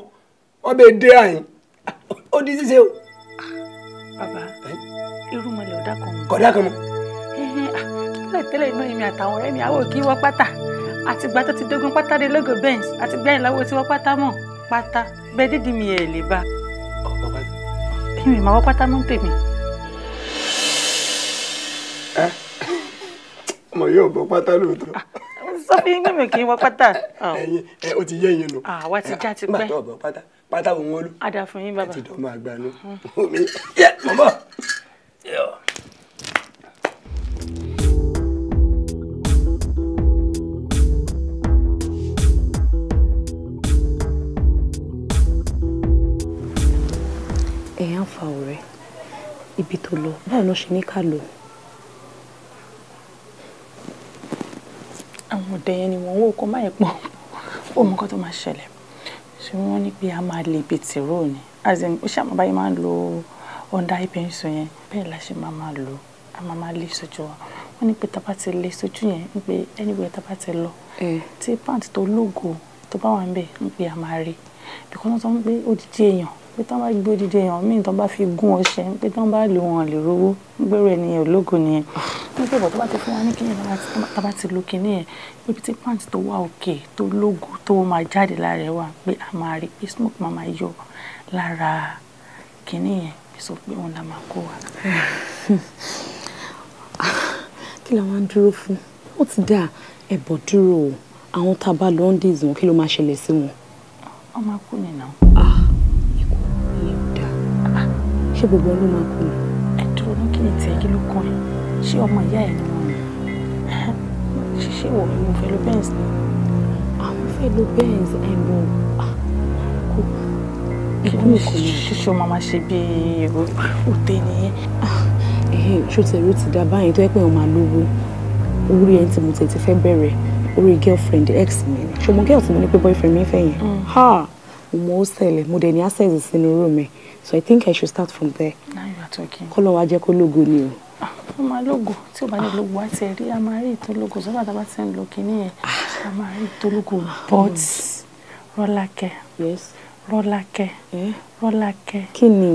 ọbẹ̀ dé àyìn ó di ṣíṣe o. bàbá irúmọlẹ̀ ọ̀dà kan mọ́. kọ̀dà kan mọ́. Ah, tẹ́lẹ̀ tẹ́lẹ̀ inú èmi àtàwọn ọ̀rẹ́ mi àwọ̀ kí wọ́n pátá àtìgbà tó ti dógún pátá dé lógo benz àtìgbà ìlàwó tí wọ́n pátá mọ̀ pátá bẹ́ẹ̀ dídì mi ẹ̀ lè bá. èmi màá wọ́ pátá mọ́ tèmi. ẹ ọmọ yóò bọ pátá lóòótọ́. Ah, sọ fún yín mi kì í wọ pátá. Ah, ẹyin ẹ o ti yẹ yín nu. Ah, àwa ti já ti pẹ́. bàtà ọ̀bọ pátá pátá òun olú. a dà fún yín bàbá. àti dọ́mọ àgbà nu. omi yẹ mọ́mọ́. ẹ̀yà ń fa ọ̀rẹ́ ibi tó lọ báwo ló ṣe ní ká lò ó. ọ̀dẹ̀ yẹn ni mò ń wò kó má yẹ pọ̀ ó mọ nǹkan tó máa ṣẹlẹ̀ ṣé wọ́n ní pé a máa lè bìtìrò ni as ó ṣàmọ́ báyìí máa ń lo ọ̀dà ìpẹ́nsọ yẹn bẹ́ẹ̀ la ṣe máa máa lò a máa máa lé sójú wa wọ́n ní pé tá ti lé sójú yẹn ń pé anywhere tá bá ti lọ eh. tí pant tó lógo tó bá wà ń bẹ̀ ń pé a máa rí bìkọ́ wọ́n sọ pé ó èèyàn pé tán bá gbé dídé èèyàn míì tán bá fi gún ọṣẹ pé tán bá lò wọn lè rówó gbèrò ènìyàn ológo nìyẹn nígbà ìbọn tó bá ti fún wa ní kíni tá bá ti lo kíni yẹn ibi tí pant tó wà òkè tó lógo tó máa jáde lára ẹ wà pé a máa rí pé smoke máa máa yọ lára kíni yẹn sọ pé òun la máa kó wa. [laughs] kí la máa ń dúró fún ó ti dá ẹ̀bọ̀ dúró àwọn tá a bá lọ́ndìzì wọn kí ló máa ṣẹlẹ̀ sí wọn. ọmọ kú nìyẹn. ṣé gbogbo ẹ ló máa kú ni. ẹ dúró ní kí ni tiẹ̀ kí ló kàn ṣé ọmọ ìyá ẹ̀ ni wọ́n ṣíṣe wọ̀ ni mo fẹ́ lo bẹ́ẹ̀nsì àwọn ah, fẹ́ lo bẹ́ẹ̀nsì ẹ̀ wọ̀ kó kí ni ṣíṣe ọmọ máa ṣe bí òde nìyẹn. Ah, ṣòtẹ̀rù ti dá báyìí tó yẹ pé ọmọ àlówó orí ẹ̀ tí mo tètè fẹ́ bẹ̀rẹ̀ orí girlfriend ex mi ṣùgbọ́n girl tí mo ní pé boyfriend mi fẹ́ yẹn mm. mo ó ṣẹlẹ̀ mo dẹ̀ ní access sínú room mi so i think i should start from there. now you are talking. kọ́ ló wá jẹ́ kó lógo ni o. Ah, ó máa lógo tí ò bá lè lógo àti ẹ̀rí a máa rí ètò lógo sọ́dọ̀ tá a bá ti ń lo kinní yẹn a máa rí ètò lógo ah. but hmm. rọ́lákẹ́ rọ́lákẹ́ eh? rọ́lákẹ́. kí ni.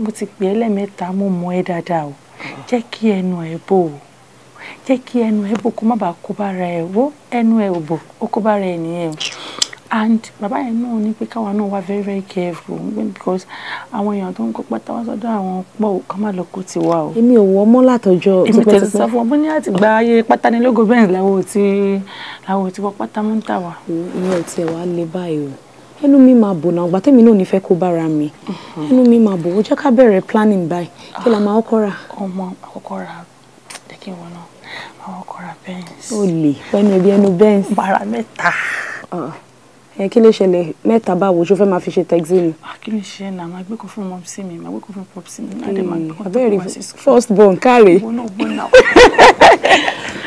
mo ti pè é lẹ́ẹ̀mẹ́ta mo mọ ẹ́ dáadáa o ah. jẹ́ kí ẹnu ẹ̀ bò ó jẹ́ kí ẹnu and bàbá yẹn náà ní pé káwa náà wà very very careful because àwọn èèyàn tó ń kó pátá wá sọ́dọ̀ àwọn pọ̀ ká má lọ kó ti wá o. èmi ò wọ ọmọ látọjọ́ èmi tẹ̀sí sọ fún ọ bóyá àti gba ayé pátánilógo bẹ́ẹ̀ làwọn ò ti làwọn ò ti wọ pátá mú tà wá. ìyẹn ò tiẹ̀ wá lè báyìí o ẹnu mi máa bò náà ọgbà tẹ́mi náà nífẹ̀ẹ́ kó bára mi uh-huh. ẹnu mi máa bò ó jẹ́ ká bẹ̀rẹ̀ planning báyìí kí la máa kọ́ra. ọmọ àkọ́kọ́ ra jẹ́ kí n wọ̀ náà àwọn ọkọ̀ ra bẹ́ǹsì. o lè pẹ́nu ẹbí ẹnu bẹ́ǹsì. bàrà mẹ́ta. Ah ẹ kí ló ṣẹlẹ̀ mẹ́ta báwo ṣó fẹ́ máa fi ṣe taxi ni. Ah, kí ló ṣe náà máa gbé kan fún mọ́ sí mi máa gbé kan fún pop sí mi náà dé máa gbé kan fún mọ́ sí mi. abẹ́rẹ́ first born káre. [laughs]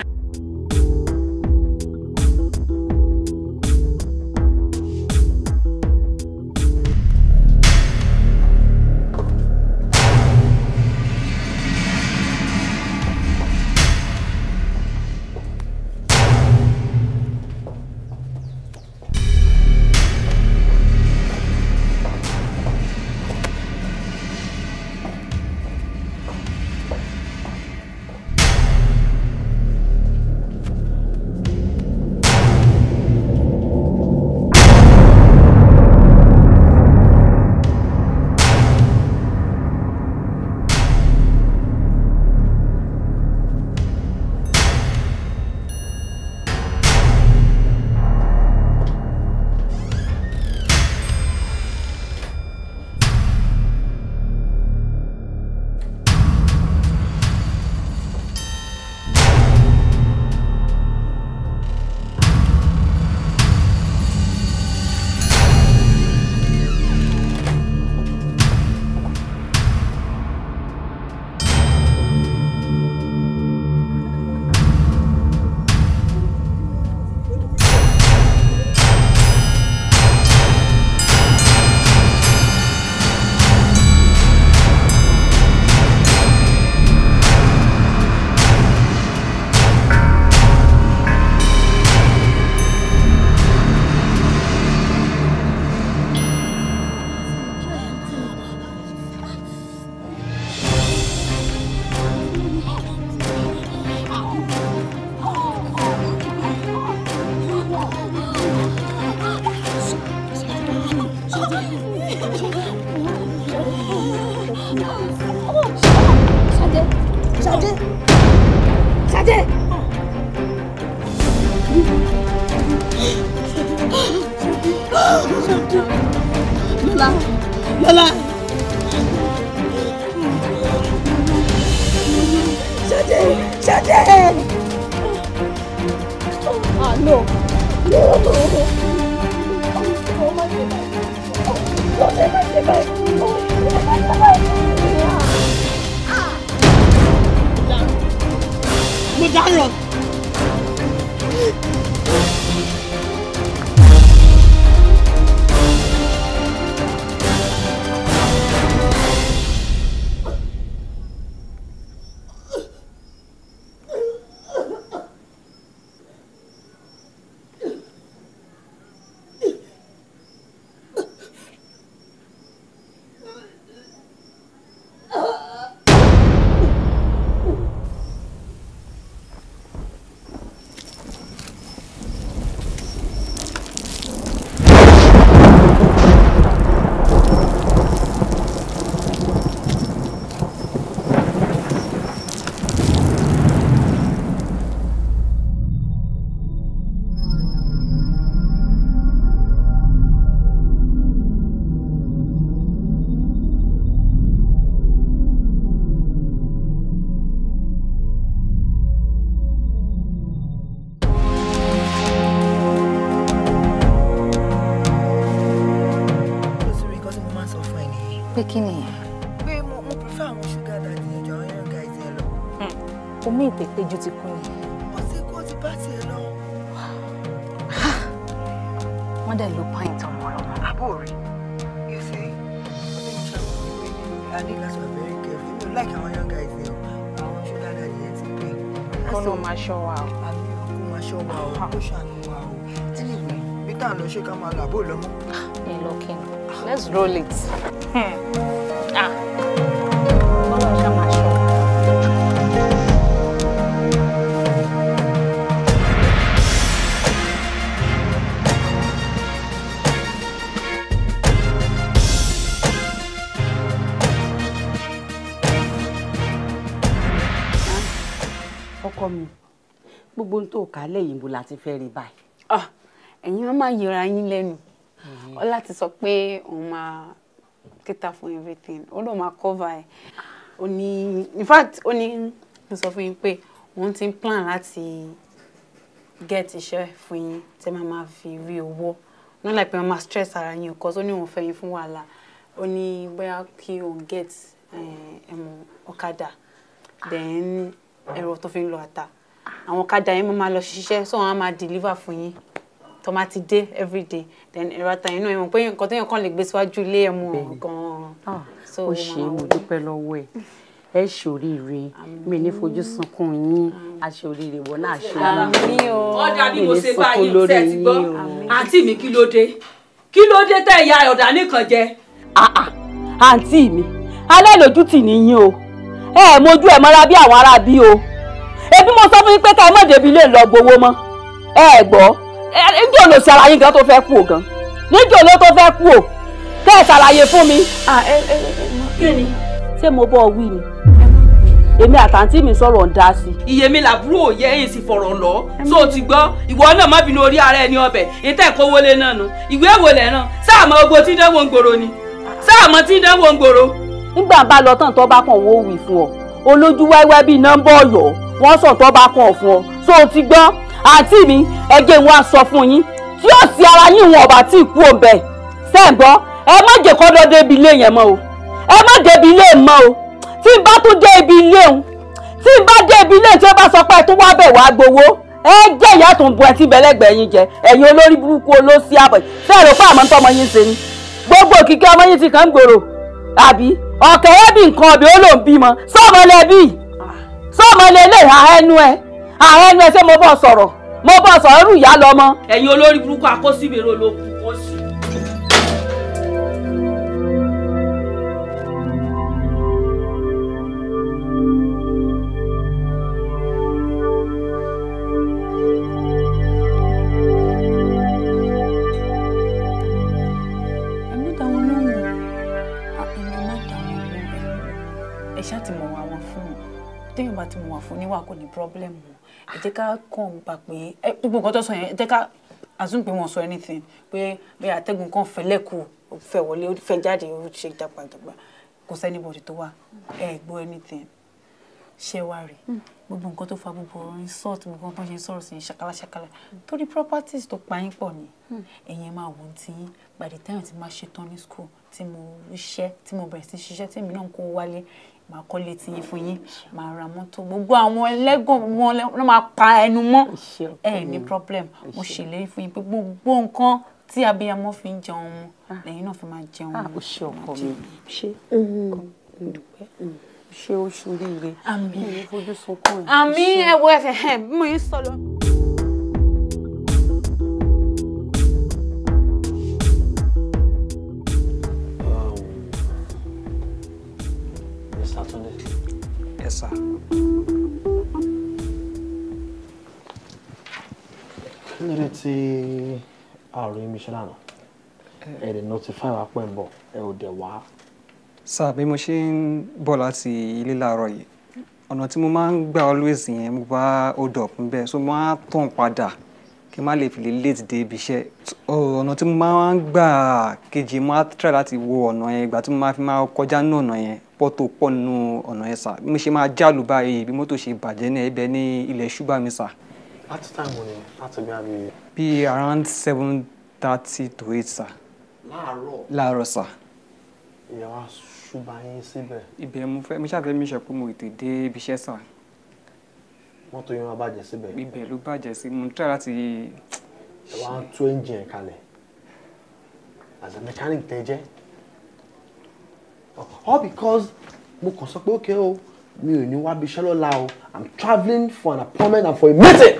pé kí nìyẹn. pé mo mo prefer àwọn ṣúgà dàdí ìjọ ọyàn ga ìtẹ lọ. Hmm. omi ìpèpéjú ti kún ni. wọ́n ti kó ti bá tiẹ̀ lọ. wọ́n dẹ̀ lo pint ọmọ ọlọ́mọ. àbò rí you see wọ́n lè ṣe àwọn ọmọ ìwé ní adé láti ọ̀bẹ rẹ̀ kẹfì mi ò láìka àwọn ọyàn ga ìtẹ o àwọn ṣúgà dàdí ẹ ti pé. kọ́ ló máa ṣọ́ wa o. àbí okun máa ṣọ́ wa o kó ṣàánú wa o tí nìgbẹ́ bí táà lọ ṣe ká máa lọ àbò ẹ lọ kí n Let's roll it. Hmm. Ah. ọkọ mi gbogbo ohun tó kà á lẹ́yìn bó la ti fẹ́ rí báyìí. Ah. ẹ̀yin á máa yẹra yín lẹ́nu. Mm-hmm. ọ láti sọ pé òun máa cater for everything ó lóun máa cover ẹ̀ ó ní in fact ó ní mo sọ fún yín pé òun ti ń plan láti get iṣẹ́ fún yín tẹ́ máa máa fi rí owó náà láìpẹ́ máa stress ara yín because ó ní òun fẹ́ yín fún wàhálà ó ní bóyá kí òun get eh, ẹ̀mọ ọ̀kadà then ẹ̀rọ tó fi ń lọ ata àwọn ọ̀kadà yẹn máa lọ ṣiṣẹ́ so wọ́n á máa deliver fún yín tó máa ti dé everyday then ẹ̀rọ ata inú ẹ̀mọ̀ pé nǹkan téèyàn kàn lè gbé síwájú ilé ẹ̀mú gan-an. Ah, ó ṣe mo dúpẹ́ lọ́wọ́ ẹ̀ ẹ ṣòríire mi ní fojú sunkún yín aṣòríire wọn náà ṣe mí ọ̀dà bí mo ṣe bá yín ṣe ti gbọ́ àǹtí mi kí ló dé kí ló dé tẹ́ ìyá ọ̀dà nìkan jẹ. Ah, ah. àǹtí mi alẹ́ lójútì nìyí o ẹ ẹ mojú ẹ mọ́ra bí àwọn ará bí o ebi mo sọ fún yín pé ká ẹ mọ̀ débi lè lọ gbowó mọ́ ẹ gbọ́ níjọ́ ló ṣe àlàyé gan tó fẹ́ kú o gan níjọ́ ló tó fẹ́ kú o kẹ́ ẹ̀ ṣàlàyé fún mi. ṣé mo bọ́ wí ni èmi àtàntí mi sọ̀rọ̀ ń dá sí. iye mi làbúrò òye èyí sì fọ̀rọ̀ lọ tó o ti gbọ́ ìwọ náà má bínú orí ara ẹni ọbẹ̀ ìtẹ́ ìkówólé náà nu ìwé èwo lẹ̀ náà sáàmọ́ ogbó tí dánwò ń gbòòrò ni sáàmọ́ tí dánwò ń gbòòrò. nígbà bá lọ tán tó bá kàn wọ́n wì fún ọ olójú wẹ́wẹ́ bíi nọ́mbà ọ̀yọ́ wọ́n sọ tó bá kàn fún ọ tó o ti gbọ́ àǹtí mi ẹgbẹ́ wọn á sọ fún yín tí ó sì ara yín wọn ọ̀bà tí ì kú òǹbẹ̀ sẹ́ǹgbọ́ ẹ má jẹ́ kọ́ lọ débi ilé yẹn mọ́ o ẹ má débi ilé mọ́ o tí n bá tún dé ibi ilé òun tí n bá dé ibi ilé tí ó bá sọ pé ẹ tún wá bẹ̀ wá gbowó ẹ jẹ́ ìyá tó ń bu ẹtí bẹ́lẹ́gbẹ̀ẹ́ yín jẹ ẹ̀yin olórí burúkú olóṣì àbọ̀ sẹ́ẹ̀rọ fún àmọ́ tọmọ yín ṣe ni gbogbo òkìkí ọmọ yín ti kàn ń gbòòrò àbí ọ̀kẹ́ ẹ̀bì nǹkan ọ̀bẹ ó lòún bímọ sọ́ọ̀mọ́lẹ́bí ha ẹnu ẹ̀ àwọn ẹni ẹsẹ mo bọ sọ̀rọ̀ mo bọ sọ̀rọ̀ rú ìyá lọmọ. ẹ̀yin olórí burúkú akóṣìbèrè olókùn kò sí. ẹ ṣáà ti mọ̀ wá wọn fún un téèyàn bá ti mọ̀ wá fún un níwà kò ní pírọ́blẹ́mù o ẹ jẹ́ ká kàn gbà pé gbogbo nǹkan tó sọ yẹn ẹ ká assume pé wọ́n sọ anything pé pé àtẹ̀gùn kan fẹ́lẹ́ kù fẹ́ wọlé ó fẹ́ jáde ó ṣe jàgbàjàgbà kò sẹ́ni bọ̀dì tó wà ẹ gbọ́ anything ṣé wàá rí hmm. gbogbo nǹkan tó fa gbogbo orin sọ́ọ̀tì gbogbo nǹkan ṣe ń sọ̀rọ̀ sí ṣakaláṣakala torí properties tó pa yín pọ̀ ni hmm. ẹ̀yin máa wò ó ti by the time tí máa ṣetán ní school tí mo ríṣẹ́ tí mo bẹ̀rẹ̀ sí ṣiṣẹ́ tí èmi náà ń kó wálé máa kọ́lé tí yín fún yín máa ra mọ́tò gbogbo àwọn ẹlẹ́gàn wọn ló máa pa ẹnu mọ́ ẹ ní problem mo ṣèlérí fún yín pé gbogbo nǹkan tí abiyamọ fi ń jẹun mu ah. lẹ́yìn náà fi máa jẹun mu. o ṣe ọkọ mi ṣe mm-hmm. dúpẹ́ ṣe oṣù rire mi ò fojú sunkún ẹ. àmì ẹ̀wọ̀ ẹ̀fẹ̀ bí mo yín sọ lọ. níṣẹ́ lánàá notify wa pẹ́ ń bọ̀ ẹ ò dẹ̀ wá. sá bí mo ṣe ń bọ̀ láti ilé láàárọ̀ yìí ọ̀nà tí mo máa ń gbà always yẹn mo bá hold up níbẹ̀ so mo máa tàn padà kí n má lè fi lè late dé ibi iṣẹ́ ọ̀nà tí mo máa ń gbà kejì mo máa try láti wo ọ̀nà yẹn ìgbà tí mo máa fi máa kọjá ní ọ̀nà yẹn pọ́tò pọ̀ nínú ọ̀nà yẹn sá bí mo ṣe máa jálù báyìí bí mọ́tò ṣe bàjẹ́ ní ibẹ̀ ní ilẹ̀ ṣúgbà mi sá. láti táìmù ni láti bí a bí. bí around seven thirty to eight sir. láàárọ̀. láàárọ̀ sir. ìyẹn wá ṣùgbọ́n yín síbẹ̀. ibẹ̀ mo fẹ́ mo ṣàfẹ́ mi ṣe pé mo tètè dé ibi iṣẹ́ sir. mọ́tò yín wá bàjẹ́ síbẹ̀. ibẹ̀ ló bàjẹ́ sí mo try láti. ẹ wá tú ẹ́ńjìn kalẹ̀ as a mechanic tẹ jẹ́ all because mo kàn sọ pé ókè o mi ò ní wá bí iṣẹ́ lọ́la o i'm travelling for an appointment and for a meeting.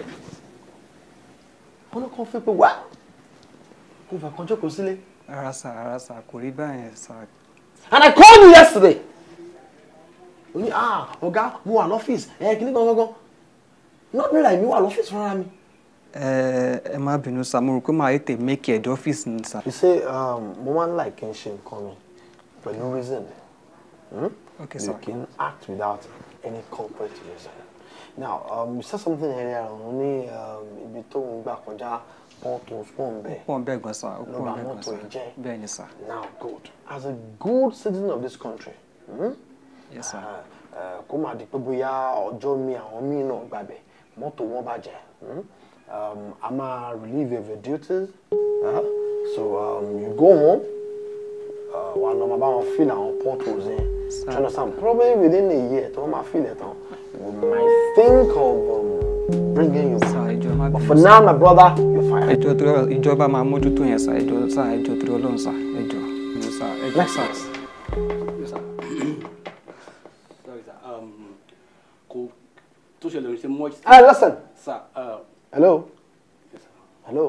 wọ́n ló kàn fẹ́ pé wá kó fà kan jókòó sílé. ara sà ara sà kò rí báyẹn sà. and I called you yesterday. o ní ah ọ̀gá mo wà lọ́fíìsì ẹ̀ kí ni gangan not me like mi wà lọ́fíìsì rárá mi. ẹ ẹ má bínú sà mo rò pé màá tètè make ẹ̀ dọ́fíìsì ni sà. you say um, mo máa ń láì kí n ṣe nǹkan mi pẹ̀lú reason hmm? okay, sir. you can act without any corporate reason now um, you said something earlier on ní um, ibi tó ń gbà kọjá mọ́tò fún bẹ́ẹ̀. fún bẹ́ẹ̀ gan sa fún bẹ́ẹ̀ gan sa bẹ́ẹ̀ ni sa. now good as a good citizen of this country. Hmm? yes sir. Ah, eh, kó má di pé bóyá ọjọ́ mi àwọn míì náà gbàgbẹ́ mọ́tò wọn bàjẹ́. Hmm? Um, a máa relieve your duties. Uh, so um, you go home uh, wà lọ́mọ bá wọn fílẹ̀ àwọn portals yẹn you understand probably within a year tí wọ́n máa fílẹ̀ tán we might think of um, bring in your sir, but for now my brother you're fired. ẹjọ́ torí ọlọ́run ìjọba máa mójútó yẹn sá ẹjọ́ sá ẹjọ́ torí ọlọ́run sá ẹjọ́ sá ẹjọ́ sá. ah um, listen. sir. Uh, hello. Yes, sir. hello.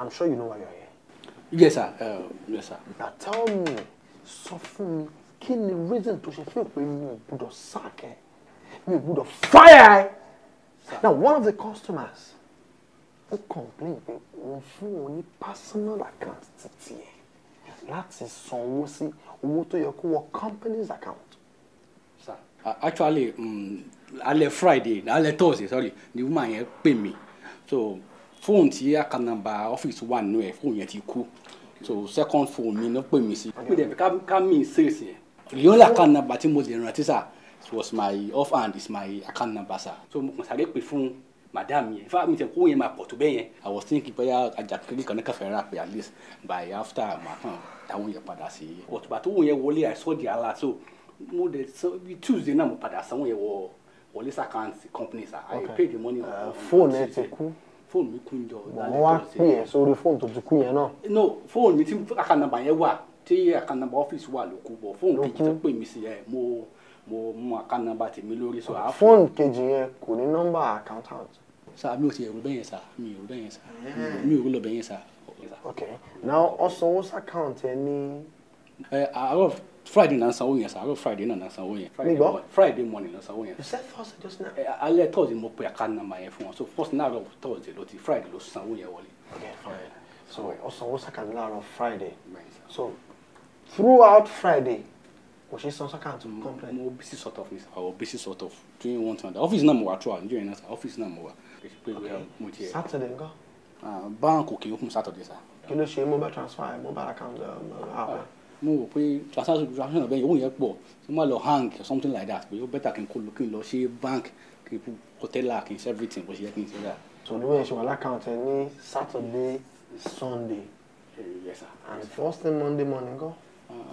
i'm sure you know why you're here. yes sir. Uh, yes sir. Now tell me sọ fún mi kí reason to ṣe fẹ́ me, mi ò gbọ́dọ̀ sack ẹ mi ò fire Sir. Now, one of the customers who complained pé wọ́n fún personal account That is some who owó sí owó tó company's account. Sir, uh, actually um, alẹ́ Friday alẹ́ Thursday sorry the woman yẹn pè mí so phone here, aka nàmbà ọ́fíìsì wà nínú ẹ̀ fóònù yẹn ti so second phone me no pay me see. Come come me mi ṣèṣì yìí ó là ká nàmbà tí mo lè so was my off hand is my account number sir so mo kàn sáré pè fún madam yẹn fún mi tẹ kó yẹn máa pọ̀ tó bẹ́ẹ̀ yẹn i was thinking bóyá ajá kékeré kan náà kẹfẹ́ rà pé at least by after màá kàn dáwọn yẹn padà sí i but bàtà òun yẹn wọlé i saw the alert so mo de so tuesday náà mo padà sanwó yẹn wọ wọlé sàkáǹt company sir i paid the money. fóònù eh, ẹ ti kú fóònù mi kú njọ. mo wá pè é sórí fóònù tó ti kú yẹn náà. no fóònù mi tí àkànnàbà yẹn wà tí àkànnàbà ọ́fíìsì wà ló kú bọ̀ fóònù kejì tó pè mí sí ẹ eh, mo mo mú account number tèmi lórí sọ àá. fóònù kejì yẹn kò ní nọ́mbà accountant. sá mi ò ti ẹ̀rù bẹ́yẹn sá mi ò rú sá eh. mi ò rú lọ sá. ok now ọsàn wọ́n sàkáǹtì ẹ ní. Eh, ẹ àárọ̀ friday náà sanwó yẹn sàárọ̀ friday náà náà sanwó yẹn. nígbọ́ friday morning náà sanwó yẹn. you said thursday just now. Eh, alẹ́ thursday mo pe account number yẹn fún wọn so first náà rọ thursday ló ti friday ló sanwó yẹn wọlé. ok fine so ọsàn wọ́n sàkáǹtì láàárọ̀ friday so throughout friday kò ṣe san sákàtún mọ kọ́ńpẹ́. mo busy sort of our busy sort of doing one time office náà mo wà tó à níjọ́ yẹn náà office náà mo wà. saturday nǹkan. Ah, bank òkè òkun saturday sa. kí ló ṣe mobile transfer mobile account um, um, app. Ah, mo rò pé transaction ọ̀bẹ yòówù yẹn pọ̀ ṣé mo lọ hang or something like that pé ó bẹ́tà kí n kó lọ kí n lọ ṣe bank kí n kó tẹ́lá kí n ṣe everything bó ṣe yẹ kí n ṣe dá. sọdún yẹn ṣe wà saturday sunday. Eh, yes sir. and first monday morning go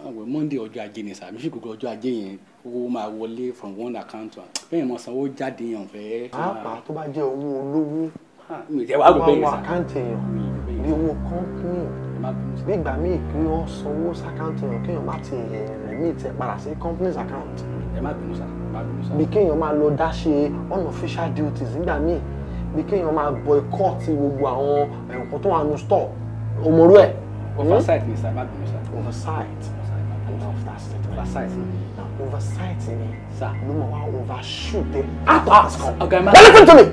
àwọn ah, monday ọjọ́ ajé ni sàbí ṣùgbọ́n ọjọ́ ajé yẹn owó máa wọlé from one account bẹ́ẹ̀ mọ̀ sanwó jáde yẹn fẹ́. pàápàá tó bá jẹ́ owó olówó ah, wọ́n wọ àkáǹtì yẹn bí owó kọ́ńpìnì bí ìgbà míì kí wọ́n sanwó sàkáǹtì yẹn kéèyàn má ti rẹ̀ míì tẹ̀ padà sí company's account. ẹ má bínú sá má bínú sá. bí kéèyàn máa lọ dá ṣe unofficial duties nígbà míì bí kéèyàn máa boycott gbogbo àwọn eh, nǹkan tó wà nù store òmòrú ẹ̀. oversight ni sá má bínú sá oversight and oversight oversight na oversight sir. ló mọ̀ wá overshoot the outpass kan now listen to me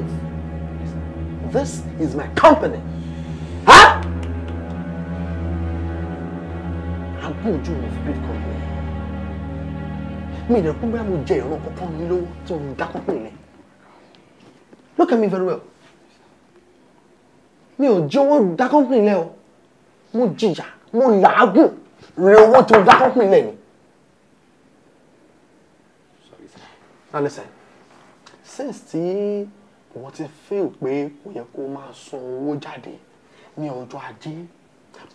this is my company. Huh? I'm mi fi bitcoin mi mi ìdẹ̀kùn bóyá mo jẹ ìran kankan mi lówó tí mo dá kankan look at me very well Me, ò jẹ́ owó dá kankan mi lẹ́ o mo jìyà mo làágùn rí owó tí mo dá company lẹ̀ ni. sorry now listen since tí wọ́n ti feel pé kò yẹ kó máa san owó jáde ní ọjọ́ ajé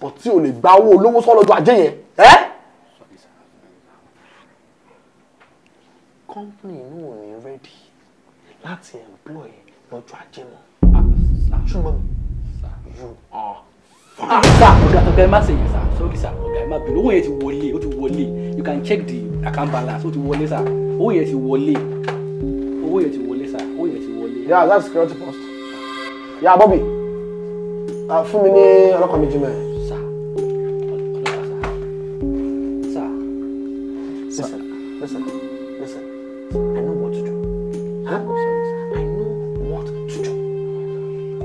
but tí o lè gba owó olówó sọ́ lọ́jọ́ ajé yẹn ẹ́. sorry company náà ò ní ready láti employ lọ́jọ́ ajé mọ́ ah, ṣùgbọ́n you sá ọ̀gá ọ̀gá ẹ má ṣe yẹn sá sórí sá ọ̀gá ẹ má bínú owó you can check the account balance ó ti wọlé sá owó yẹn ti wọlé owó yẹn ti wọlé sá owó yẹn ti wọlé. yà that's security post. yà Bobby ah, fún mi ní ọlọ́kọ̀ méjì mẹ́rin. sá ọlọ́kọ̀ sá sá. listen listen listen I know what to do. Huh?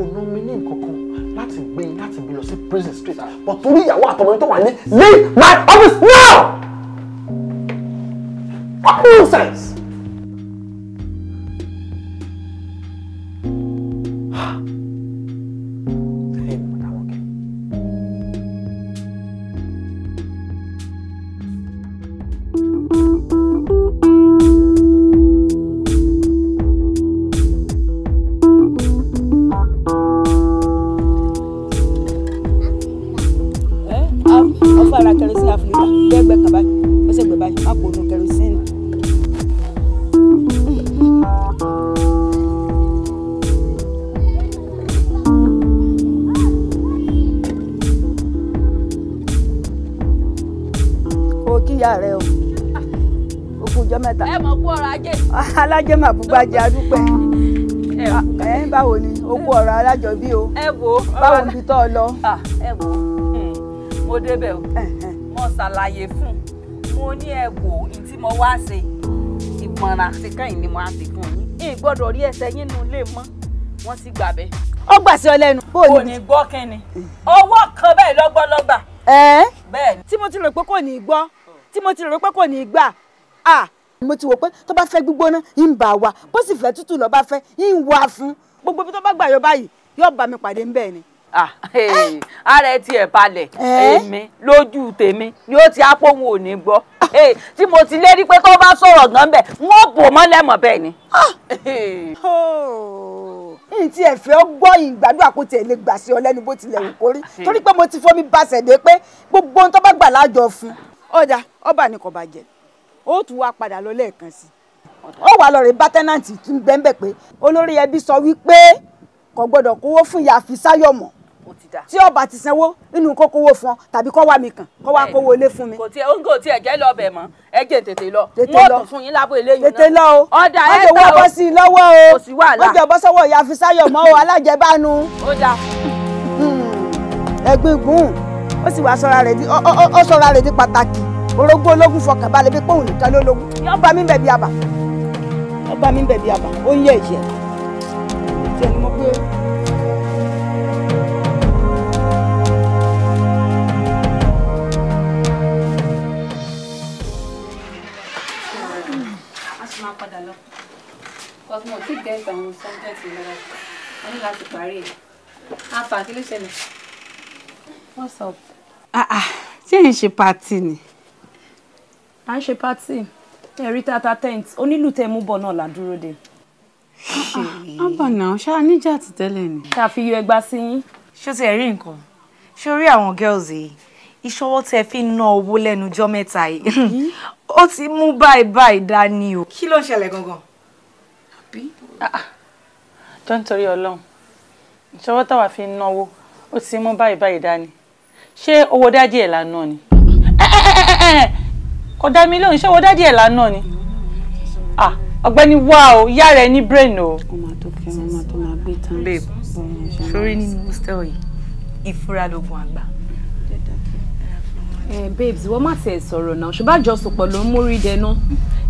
kò ná mi ní nǹkan kan láti gbé láti gbé lọ sí prison street but torí ìyàwó àtọmọ tó wà ní leave my office now. What nonsense. gbajẹ adúpẹ́ ẹ ń báwo ni okú ọ̀rọ̀ alájọbí o báwo níbi tó lọ. Hmm, mo débẹ̀ o mo ṣàlàyé fún mo ní ẹ wo tí mo wá ṣe ìmọ̀ràn àti ni mo á ti fún yín ẹ gbọ́dọ̀ rí ẹsẹ̀ yín nù lè mọ́ wọ́n sì gbà bẹ́ẹ̀. ó gbà sí ọ lẹ́nu. kò ní gbọ́ kínni ọwọ́ kan bẹ́ẹ̀ lọ́gbọ́lọ́gbà. bẹ́ẹ̀ ni. tí mo ti rò pé kò ní gbọ́ tí mo ti rò pé kò ní gbà mo ti wò pé tó bá fẹ́ gbígbóná ń bà wá bó sì fẹ́ tútù lọ bá fẹ́ ń wà fún gbogbo bí tó bá gbà yọ báyìí yóò bá mi pàdé ń bẹ̀ ni ah, eh? ara ẹ balẹ̀ eh? èmi lójú tèmi yóò ti ápóhun ò gbọ́ ah. eh, tí mo ti lérí pé tó bá sọ̀rọ̀ gan bẹ̀ wọ́n bò mọ́lẹ̀ mọ́ bẹ́ẹ̀ ni. Ah! n ti ẹ̀fẹ́ gbọ́ ìgbádùn àkótì ẹ̀ lè gbà sí ọ lẹ́nu bó tilẹ̀ wù kórí torí pé mo ti fomi basẹ̀ dé pé gbogbo ohun tó bá gbà lájọ fún. ọjà ọba ni kò bàjẹ́ ó tún wá padà lọ lẹ́ẹ̀kan sí ó wà lọ rè bá tẹ́nàntì tún bẹ́ńbẹ̀ pé olórí ẹbí sọ wípé kò gbọdọ̀ kówó fún ìyá àfisayọ̀ mọ́ tí ọba ti sanwó nínú kó kówó fún ọ tàbí kó wá mi kàn kó wá kówó ilé fún mi. kò tiẹ̀ oúnjẹ ò tiẹ̀ jẹ́ lọ bẹ̀ mọ́ ẹ jẹ́ tètè lọ wọ́n tún fún yín lábọ̀ eléyìí náà tètè lọ o ọ̀dà ẹ̀ tà o ọjọ́ wọ́ sí i lọ́wọ́ o kò sí wàhálà ọjọ́ bọ́ sọ́wọ́ ìyá Fisayọ̀ mọ́ o alájẹbánu. ó dà. Hmm. ẹ̀gbin gùn ó sì wá sọ́ra rẹ̀ di pàtàkì orogún ológun fọkàn bí pòun nìkan lólógún yóò bá mi bẹ̀bí àbà yóò bá mi bẹ̀bí àbà ó yẹ ìyẹ́ tí ẹni mo gbé. cosmo ti get àwọn subject lọ́wọ́ wọ́n ní láti parí ẹ̀ àpà kí what's up. ah ah ṣé n ṣe pati ni à ń ṣe pátì ẹ̀rí tata tent onílù tẹ mú bọ̀ náà là ń dúró de. àbànà ṣáà níjà ti tẹ́lẹ̀ ni. ṣáà fi yọ ẹgbàá sí yín. ṣó ti ẹ̀rí nǹkan ṣé orí àwọn girls yìí ìṣọwọ́ tẹ fi ń ná owó lẹ́nu jọ́ mẹ́ta yìí [laughs] ó ti mú báyìí báyìí dání o. kí ló ń ṣẹlẹ̀ gangan. àbí. tó ah, ah. ń torí ọlọ́run ìṣọwọ́ táwa fi ń náwó ó ti mú báyìí báyìí dání ṣé owó dájú ẹ̀ lánàá ni. Ah, kò dá mi lóhùn ṣọwọ́ dádì ẹ̀ lánàá ni ọ̀gbẹ́ni wá o ìyá rẹ̀ ní brain o. ọmọ tó fẹ́ ọmọ tó máa gbé tán. babe sórí nínú hostel yìí ìfura lóògùn àgbà. ẹ eh, babes wọ́n má tiẹ̀ sọ̀rọ̀ náà ṣùgbọ́n àjọsọ pọ̀ ló ń mórí dẹnu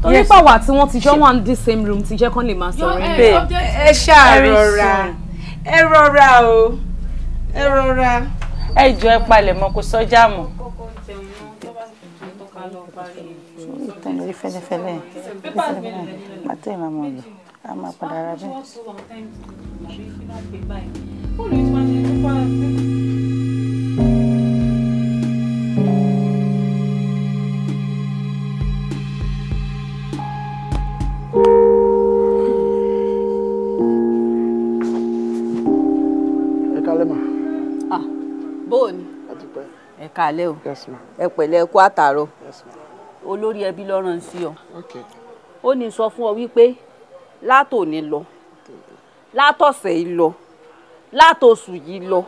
torí pàwọ́ àti wọ́n ti jọ wà ní the same room ti jẹ́ kán lè máa sọ̀rọ̀ yìí. babe ẹ ṣáà rọra ẹ rọra o ẹ rọra. ẹ jọ ẹ palẹ̀ mọ́ kó sọ́jà ìtàn lórí fẹ́lẹ́fẹ́lẹ́ fẹ́lẹ́fẹ́lẹ́ màtí ìmọ̀ àmọ́ lò a máa padà ra bẹ́ẹ̀. kàálẹ̀ o ẹ pẹ̀lẹ́ kú àtàrọ olórí ẹbí lọ́rọ̀ ń sí ọ ó ní sọ fún ọ wípé látòní lọ látọ̀sẹ̀ yìí lọ látòṣù yìí lọ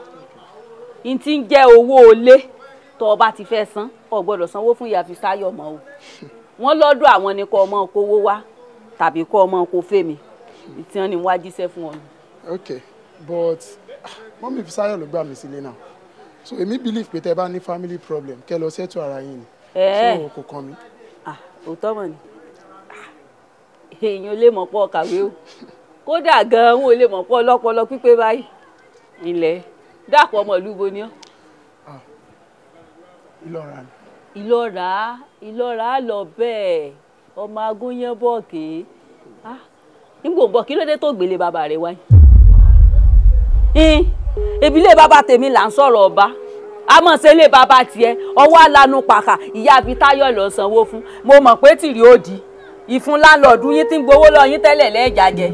n ti ń jẹ́ owó olé tó o bá ti fẹ́ san ọ gbọ́dọ̀ sanwó fún ìyá fi sáyọ̀ o wọ́n lọ́dọ̀ àwọn ni kọ́ ọmọ kówó wá tàbí kọ́ ọmọ kó fèmí ìtàn ni wọ́n á fún ọ. ok but ah, mọ́mí fi sáyọ̀ ló gbà mí sílé náà so èmi believe pé tẹ bá ní family problem kẹ lọ ṣètò ara yín ni eh. so kò kàn mí. Ah, òótọ́ mọ̀ ni ah, èèyàn lè mọ̀ pọ̀ kàwé o kódà gan-an wọn ò lè mọ̀ pọ̀ lọ́pọlọ pípé báyìí ilẹ̀ dàpọ̀ ọmọ ìlú bo ni ọ́. Ah, ìlọ́ra ni. ìlọ́ra ìlọ́ra lọ bẹ́ẹ̀ ọmọ agúnyẹ́bọ̀kì nígbò bọ̀ kí ló dé tó gbélé bàbá rẹ̀ wáyé ebi lè bàbá tèmi là ń sọ̀rọ̀ ọba àmọ́ ṣe lè bàbá tiẹ̀ ọwọ́ alanu pàkà ìyá abitayọ̀ lọ sanwó fún mo mọ̀ pé tìrì ó di ìfun láńlọ́ọ̀dù yín ti ń gbowó lọ yín tẹ́lẹ̀ lẹ́ẹ̀jà jẹ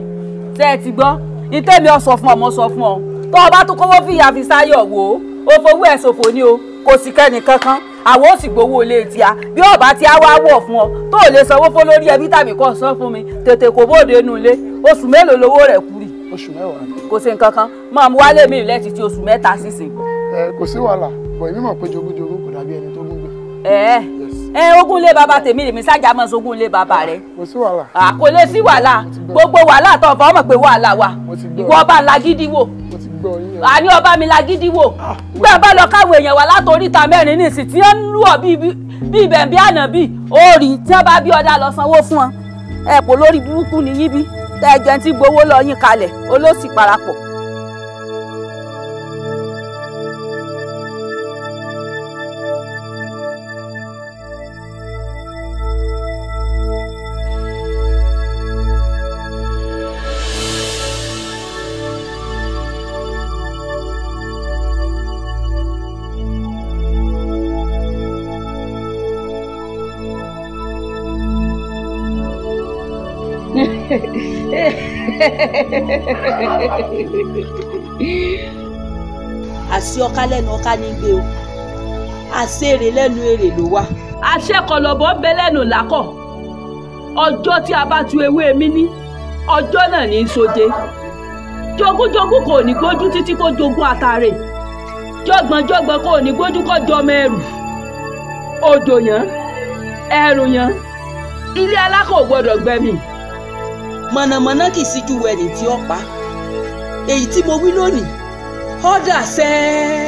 tẹ́ ẹ ti gbọ́ ní tèmi ọ sọ fún ọmọ sọ fún ọ tó o bá tún kówó fìyà fi sáyọ̀ wò ó ó fowó ẹ̀ ṣòfò ni o kò sì kẹ́ni kankan àwọn ò sì gbowó ilé tí a bí ọba tí a wá wọ̀ fún ọ tó lè sanwó fún lórí ẹbí tàbí kọ́ sọ fún mi tètè kò bóde nulẹ̀ oṣù mẹ́wàá ni. kò sí nǹkan kan máa mú wálé mi lẹ́tí ti oṣù mẹ́ta sísìn. ẹ kò sí wàhálà bọ̀ èmi mọ̀ pé jogúnjogún kò dàbí ẹni tó gúngbẹ. ẹ ẹ ogún lé bàbá tèmi lèmi sájà mọ́ sógún lé bàbá rẹ. kò sí wàhálà. kò lè sí wàhálà gbogbo wàhálà tó ọba ọmọ pé wàhálà wa ìwọ ọba lagídí wò àní ọba mi lagídí wò gbé ah, ọba lọ káwọn èèyàn wà látòríta mẹ́rin ní ìsìn tí wọ́n ń lù ọ́ bíi bẹ̀m̀bí ànábì ó rí tí wọ́n bá bí ọ̀dà lọ sanwó fún ọ ẹ̀ pò lórí burúkú nìyí bíi tẹ́jẹ́ ti gbowó lọ yín kalẹ̀ olóòsì parapọ̀. [laughs] àṣé ọká lẹ́nu ọká ní gbé o àṣé èrè lẹ́nu èrè ló wà. àṣẹ kọlọ̀bọ̀ ń bẹ lẹ́nu làkọ̀ ọjọ́ tí a bá tu ewé mi ní ọjọ́ náà ní í soje jogúnjogún kò ní gbójú títí kó jogún àtàrè jọgbọ̀njọgbọ̀n kò ní gbójú kó jọmọ ẹrù odò yẹn ẹrù yẹn ilé alákọ̀ ò gbọ́dọ̀ mọ̀nàmọ́ná kì í síjú ẹni tí ó pa èyí tí mo wí lónìí ọ̀dà sẹ́ẹ́.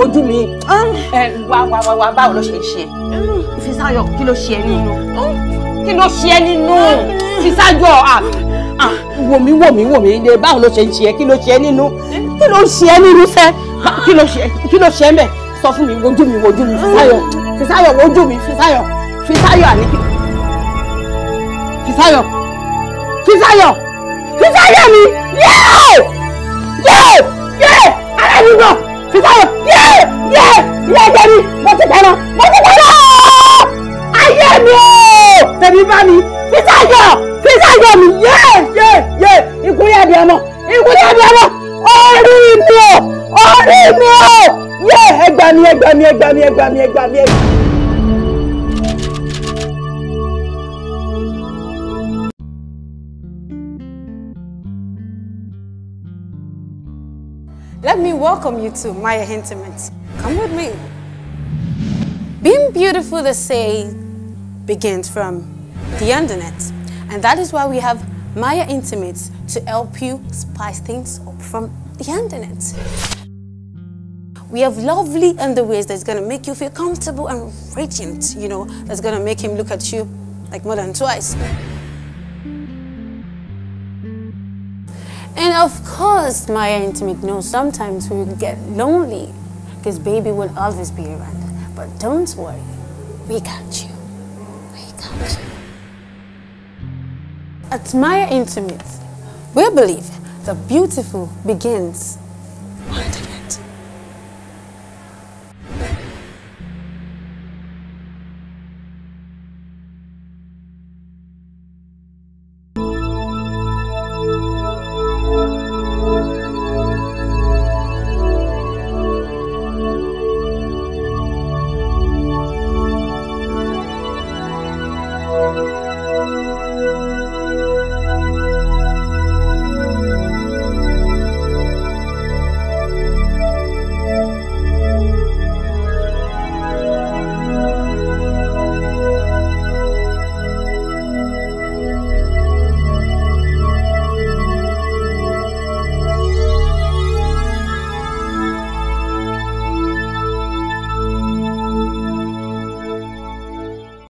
wojú mi. Ah. ẹ wá wá wá wá báwo ló ṣe ń ṣe. Mm. Fisáyọ̀ kí ló ṣe ẹ́ nínú. Mm. kí ló ṣe ẹ́ nínú. Ah. Fisáyọ̀ à ah, wò mí wò mí wò mí lè báwo ló ṣe ń ṣe ẹ́ kí ló ṣe ẹ́ nínú. Eh? kí ló ṣe ẹ́ nínú sẹ́ kí ló ṣe kí ló ṣe mẹ́ sọ fún mi wojú mi wojú mi Fisáyọ̀ mm. Fisáyọ̀ wojú mi Fisáyọ̀ Fisáyọ̀ àníkí. Fisáyọ̀ Fisáyọ̀ Fisáyọ̀ mi. Yeah! Let me welcome you to Maya Intimates. Come with me. Being beautiful, they say, begins from the internet. And that is why we have Maya Intimates to help you spice things up from the internet. We have lovely underwears that's going to make you feel comfortable and radiant, you know, that's going to make him look at you like more than twice. And of course, my intimate knows sometimes we will get lonely because baby will always be around. But don't worry, we got you. We got you. At my intimate, we believe the beautiful begins